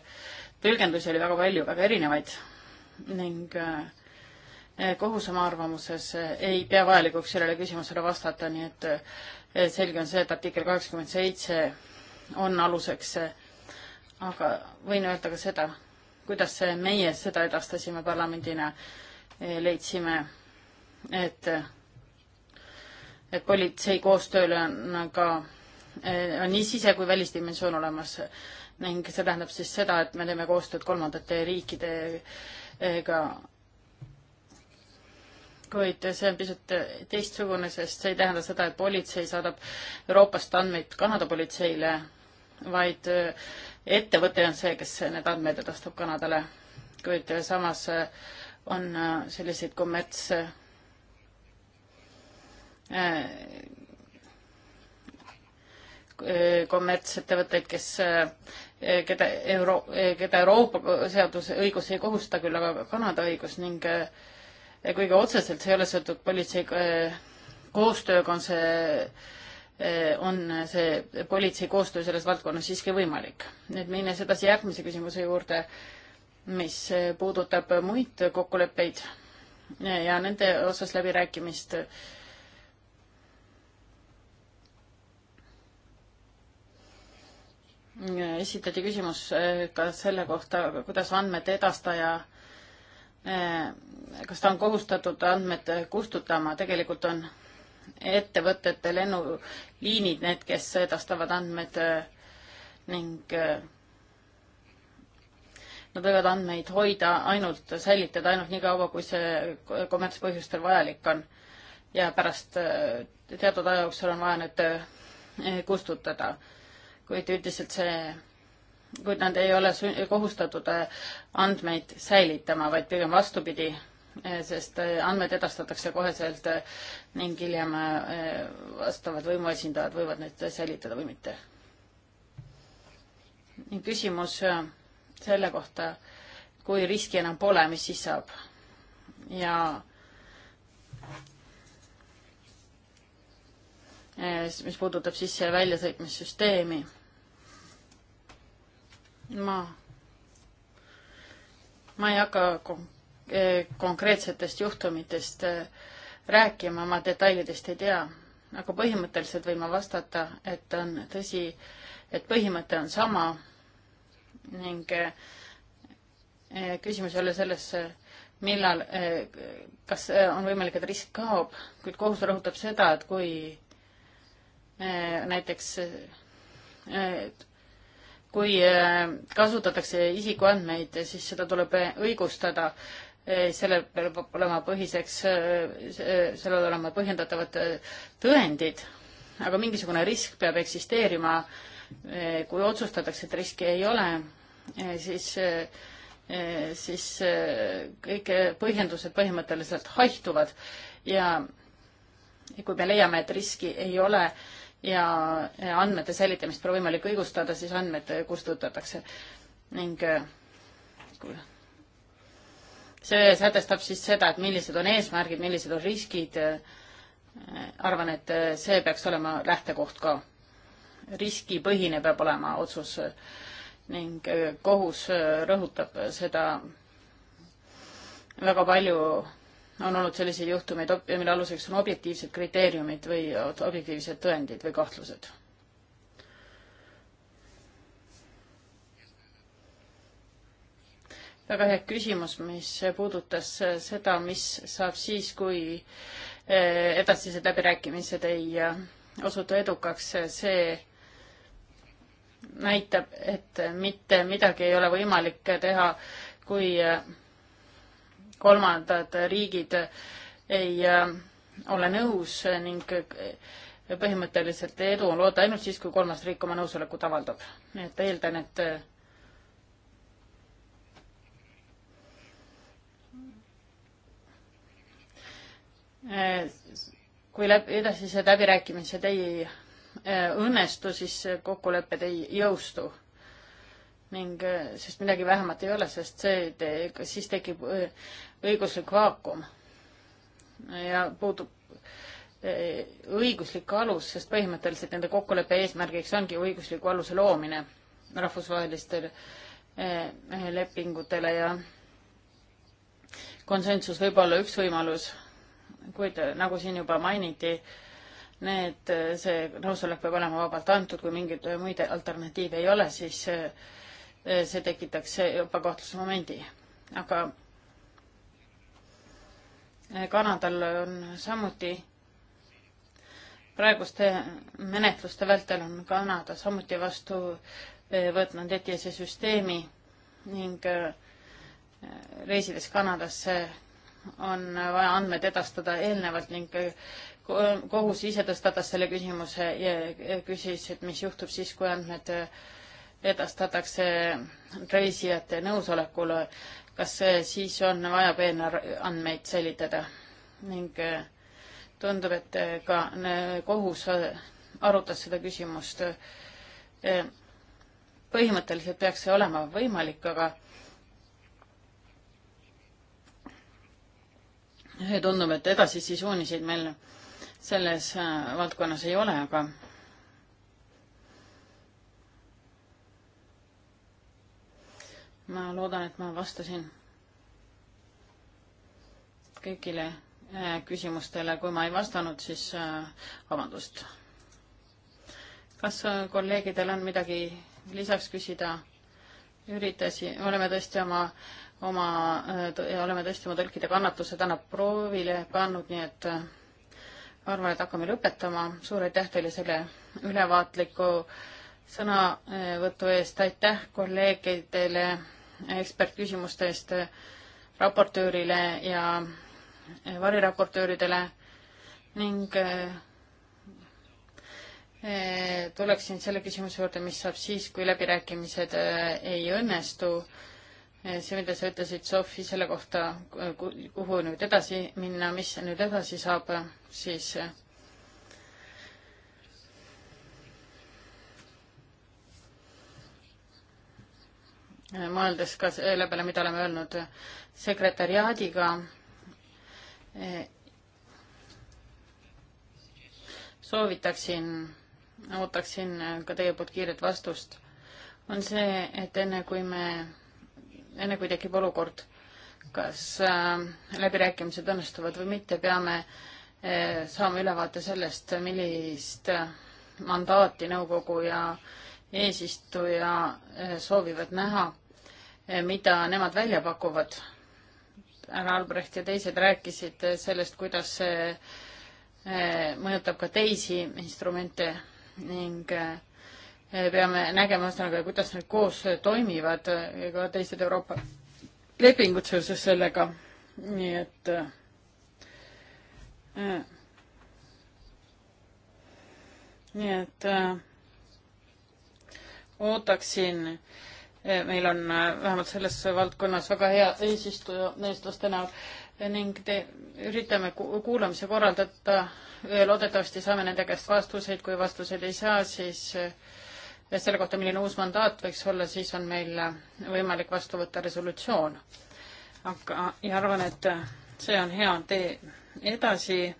tõlgendusi oli väga palju, väga erinevaid ning eh, kohus oma arvamuses ei pea vajalikuks sellele küsimusele vastata, nii et selge on see, et artikkel kaheksakümmend seitse on aluseks. aga võin öelda ka seda, kuidas meie seda edastasime parlamendina, leidsime, et, et politsei koostööle on ka, on nii sise- kui välisdimensioon olemas ning see tähendab siis seda, et me teeme koostööd kolmandate riikidega. kuid see on pisut teistsugune, sest see ei tähenda seda, et politsei saadab Euroopast andmeid Kanada politseile, vaid ettevõte on see, kes need andmed edastab Kanadale, kuid samas äh, on äh, selliseid kommerts äh, kommertsettevõtteid, kes, keda Euro-, keda Euroopa seadus, õigus ei kohusta, küll aga Kanada õigus ning kuigi otseselt see ei ole seotud politsei koostööga, on see Eh, on see politsei koostöö selles valdkonnas siiski võimalik. nüüd minnes edasi järgmise küsimuse juurde, mis eh, puudutab muid kokkuleppeid eh, ja nende osas läbirääkimist. esitati küsimus ka selle kohta, kuidas andmete edastaja kas ta on kohustatud andmed kustutama, tegelikult on ettevõtete lennuliinid, need, kes edastavad andmed äh, ning äh, nad võivad andmeid hoida ainult, säilitada ainult nii kaua, kui see kommertspõhjustel vajalik on. ja pärast äh, teatud aja jooksul on vaja need kustutada. kuid üldiselt see, kuid nad ei ole kohustatud andmeid säilitama, vaid pigem vastupidi, Eh, sest eh, andmed edastatakse koheselt eh, ning hiljem vastavad võimuesindajad võivad neid säilitada või mitte. ning küsimus selle kohta, kui riski enam pole, mis siis saab? ja mis puudutab sisse- ja väljasõitmissüsteemi. ma, ma ei hakka Eh, konkreetsetest juhtumitest eh, rääkima, ma detailidest ei tea, aga põhimõtteliselt võin ma vastata, et on tõsi, et põhimõte on sama ning eh, küsimus ei ole selles, millal, kas on võimalik, et risk kaob, kuid kohus rõhutab seda, et kui näiteks kui kasutatakse isikuandmeid, siis seda tuleb õigustada Eh, sellel peab olema põhiseks, eh, sellel eh, peab olema põhjendatavad tõendid, aga mingisugune risk peab eksisteerima. kui otsustatakse, et riski ei ole, siis, siis kõik põhjendused põhimõtteliselt haihtuvad ja kui me leiame, et riski ei ole, ja andmete säilitamist pole võimalik õigustada, siis andmed kustutatakse. ning see sätestab siis seda, et millised on eesmärgid, millised on riskid. arvan, et see peaks olema lähtekoht ka. riskipõhine peab olema otsus ning kohus rõhutab seda väga palju on olnud selliseid juhtumeid, mille aluseks on objektiivsed kriteeriumid või objektiivsed tõendid või kahtlused väga hea küsimus, mis puudutas seda, mis saab siis, kui eh, edasised läbirääkimised ei eh, osutu edukaks. see näitab, et mitte midagi ei ole võimalik teha, kui eh, kolmandad riigid ei ole nõus ning põhimõtteliselt edu on loota ainult siis, kui kolmas riik oma nõusolekut avaldab. nii et eeldan, et Eh, kui läbi, edasised läbirääkimised ei eh, õnnestu, siis kokkulepped ei jõustu. ning, eh, sest midagi vähemat ei ole, sest see te,, siis tekib õiguslik vaakum. ja puudub õiguslik alus, sest põhimõtteliselt nende kokkuleppe eesmärgiks ongi õigusliku aluse loomine rahvusvahelistele lepingutele ja konsensus võib olla üks võimalus kuid äh, nagu siin juba mainiti, need, äh, see nõusolek peab olema vabalt antud, kui mingeid äh, muid alternatiive ei ole, siis see tekitaks ebakahtlusmomendi. aga Kanadal on samuti praeguste menetluste vältel on Kanada samuti vastu võtnud ETS-i süsteemi ning reisides Kanadasse on vaja andmed edastada eelnevalt ning kohus ise tõstatas selle küsimuse ja küsis, et mis juhtub siis, kui andmed edastatakse reisijate nõusolekul, kas siis on vaja peenandmeid säilitada ning eh, tundub, et eh, ka eh, kohus arutas seda küsimust. põhimõtteliselt peaks see olema võimalik, aga tundub, et edasisi suuniseid meil selles äh, valdkonnas ei ole, aga ma loodan, et ma vastasin kõigile äh, küsimustele, kui ma ei vastanud, siis äh, vabandust. kas kolleegidel on midagi lisaks küsida? üritasin, oleme tõesti oma äh, oma, äh, oleme tõesti oma tõlkide kannatuse täna proovile pannud, nii et äh, arvan, et hakkame lõpetama. suur aitäh teile selle ülevaatliku sõnavõtu eest, aitäh kolleegidele ekspertküsimuste eest, raportöörile ja äh, variraportööridele ning tuleksin selle küsimuse juurde, mis saab siis, kui läbirääkimised ei õnnestu Eh, see, mida sa ütlesid, Sofi, selle kohta, eh, kuhu nüüd edasi minna, mis nüüd edasi saab, siis eh, mõeldes ka selle peale, mida oleme öelnud sekretäriaadiga, soovitaksin, ootaksin ka teie poolt kiiret vastust, on see, et enne kui me enne kui tekib olukord, kas äh, läbirääkimised õnnestuvad või mitte, peame äh, saama ülevaate sellest, millist äh, mandaati nõukogu ja eesistuja soovivad näha, mida nemad välja pakuvad. härra Albrecht ja teised rääkisid sellest, kuidas see mõjutab ka teisi instrumente ning äh, peame nägema ühesõnaga, kuidas need koos toimivad, ka teised Euroopa lepingud seoses sellega, nii et äh, nii et äh, ootaksin äh, meil on äh, vähemalt selles valdkonnas väga hea eesistuja eestlaste näol ning te, üritame kuulamise korraldada. loodetavasti saame nende käest vastuseid, kui vastuseid ei saa, siis äh, selle kohta, milline uus mandaat võiks olla, siis on meil võimalik vastu võtta resolutsioon. aga, ja arvan, et see on hea tee edasi.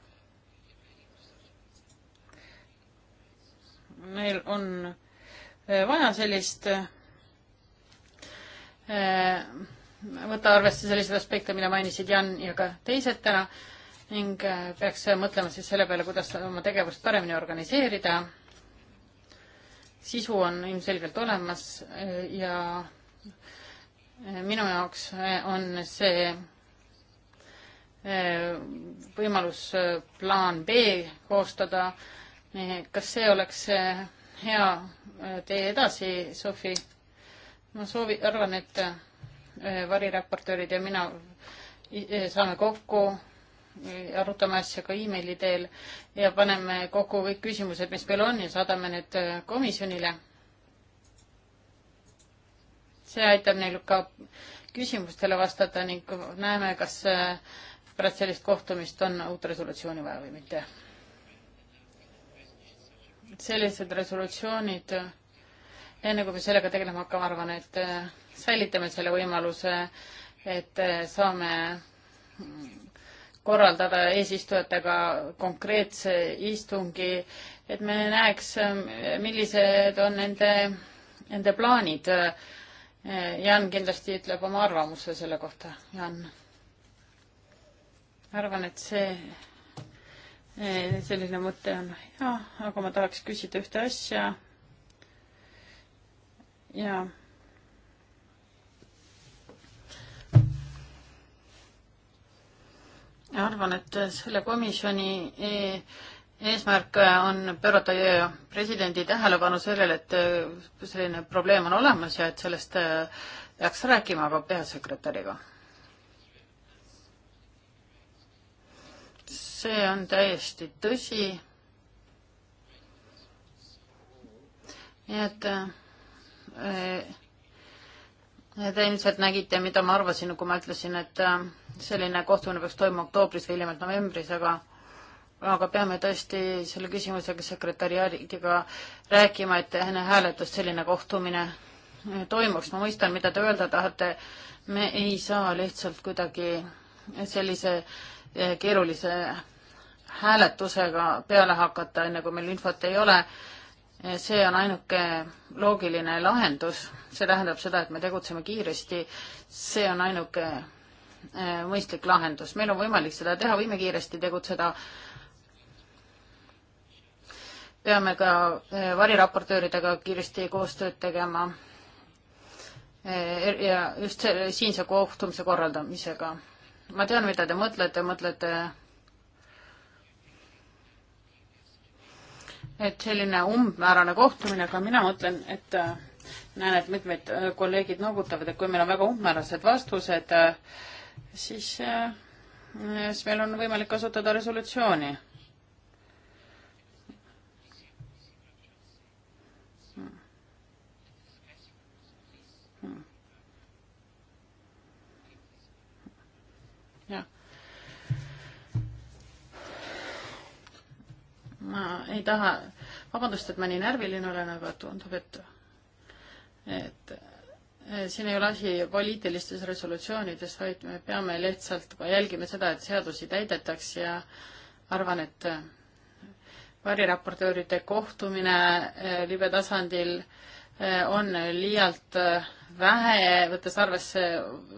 meil on vaja sellist, eh, võtta arvesse selliseid aspekte, mida mainisid Jan ja ka teised täna ning eh, peaks mõtlema siis selle peale, kuidas oma tegevust paremini organiseerida sisu on ilmselgelt olemas eh, ja eh, minu jaoks eh, on see võimalus plaan B koostada. kas see oleks hea tee edasi, Sofi? ma soovi-, arvan, et variraportöörid ja mina saame kokku arutame asja ka emaili teel ja paneme kokku kõik küsimused, mis meil on ja saadame need äh, komisjonile. see aitab neil ka küsimustele vastata ning näeme, kas äh, pärast sellist kohtumist on uut resolutsiooni vaja või mitte. sellised resolutsioonid, äh, enne kui me sellega tegelema hakkame, arvan, et säilitame selle võimaluse, et saame mm, korraldada eesistujatega konkreetse istungi, et me näeks, millised on nende, nende plaanid. Jan kindlasti ütleb oma arvamuse selle kohta, Jan. arvan, et see, selline mõte on hea, aga ma tahaks küsida ühte asja. jaa arvan, et selle komisjoni e-, eesmärk on pöörata presidendi tähelepanu sellele, et selline probleem on olemas ja et sellest äh, peaks rääkima ka peasekretäriga. see on täiesti tõsi. nii et äh, Te ilmselt nägite, mida ma arvasin, kui ma ütlesin, et äh, selline kohtumine peaks toimuma oktoobris või hiljemalt novembris, aga aga peame tõesti selle küsimusega sekretäriaadiga rääkima, et enne hääletust selline kohtumine äh, toimuks. ma mõistan, mida te öelda tahate. me ei saa lihtsalt kuidagi sellise äh, keerulise hääletusega peale hakata, enne kui meil infot ei ole see on ainuke loogiline lahendus, see tähendab seda, et me tegutseme kiiresti, see on ainuke äh, mõistlik lahendus, meil on võimalik seda teha, võime kiiresti tegutseda. peame ka äh, variraportööridega kiiresti koostööd tegema. Äh, er, ja just selle siinse kohtumise korraldamisega. ma tean, mida te mõtlete, mõtlete et selline umbmäärane kohtumine, aga mina mõtlen, et äh, näen, et mitmed äh, kolleegid noogutavad, et kui meil on väga umbmäärased vastused, äh, siis, siis meil on võimalik kasutada resolutsiooni ma ei taha, vabandust, et ma nii närviline olen, aga tundub, et, et siin ei ole asi poliitilistes resolutsioonides, vaid me peame lihtsalt jälgima seda, et seadusi täidetaks ja arvan, et variraportööride kohtumine eh, libe tasandil eh, on liialt eh, vähe, võttes arvesse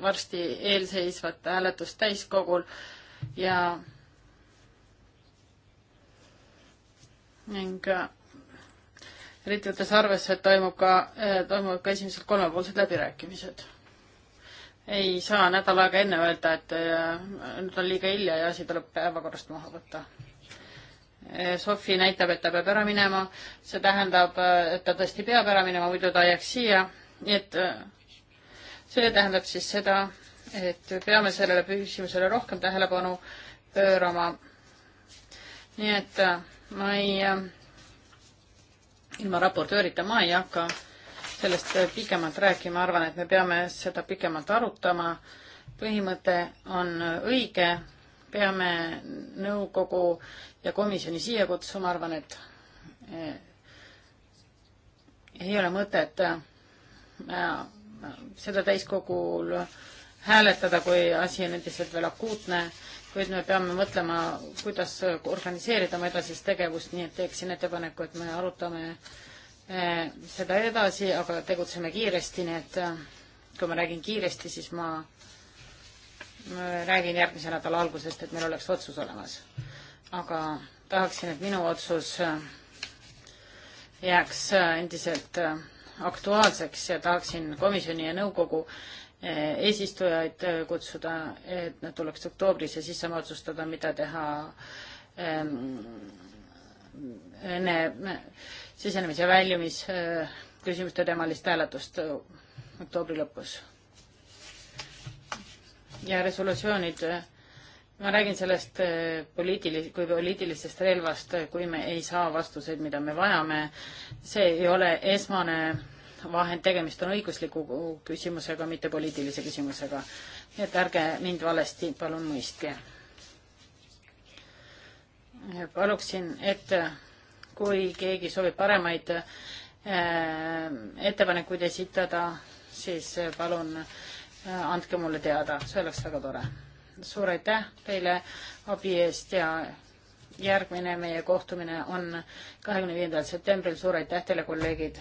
varsti eelseisvat hääletust täiskogul ja ning äh, eriti võttes arvesse, et toimub ka, äh, toimuvad ka esimesed kolmepoolsed läbirääkimised. ei saa nädal aega enne öelda, et äh, nüüd on liiga hilja ja asi tuleb päevakorrast maha võtta. Sofi näitab, et ta peab ära minema, see tähendab, et ta tõesti peab ära minema, muidu ta jääks siia, nii et see tähendab siis seda, et peame sellele küsimusele rohkem tähelepanu pöörama. nii et äh, ma ei, äh, ilma raportöörita ma ei hakka sellest äh, pikemalt rääkima, arvan, et me peame seda pikemalt arutama. põhimõte on äh, õige, peame nõukogu ja komisjoni siia kutsuma, arvan, et ei ole mõtet seda täiskogul hääletada, kui asi on endiselt veel akuutne kuid me peame mõtlema, kuidas organiseerida oma edasist tegevust, nii et teeksin ettepaneku, et me arutame eh, seda edasi, aga tegutseme kiiresti, nii et eh, kui ma räägin kiiresti, siis ma, ma räägin järgmise nädala algusest, et meil oleks otsus olemas. aga tahaksin, et minu otsus eh, jääks endiselt aktuaalseks ja tahaksin komisjoni ja nõukogu äh, Eh, eesistujaid eh, kutsuda, et nad tuleks oktoobris ja siis saame otsustada, mida teha ehm, enne sisenemise ja väljumisküsimuste teemalist hääletust eh, oktoobri lõpus. ja resolutsioonid, ma räägin sellest poliitili-, kui poliitilisest relvast, kui me ei saa vastuseid, mida me vajame, see ei ole esmane vahend, tegemist on õigusliku küsimusega, mitte poliitilise küsimusega. nii et ärge mind valesti palun mõistke. paluksin, et kui keegi soovib paremaid äh, ettepanekuid esitada, siis äh, palun äh, andke mulle teada, see oleks väga tore. suur aitäh teile abi eest ja järgmine meie kohtumine on kahekümne viiendal septembril, suur aitäh teile, kolleegid!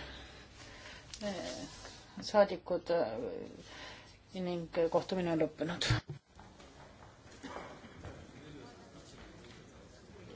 saadikud äh, ning kohtumine on lõppenud.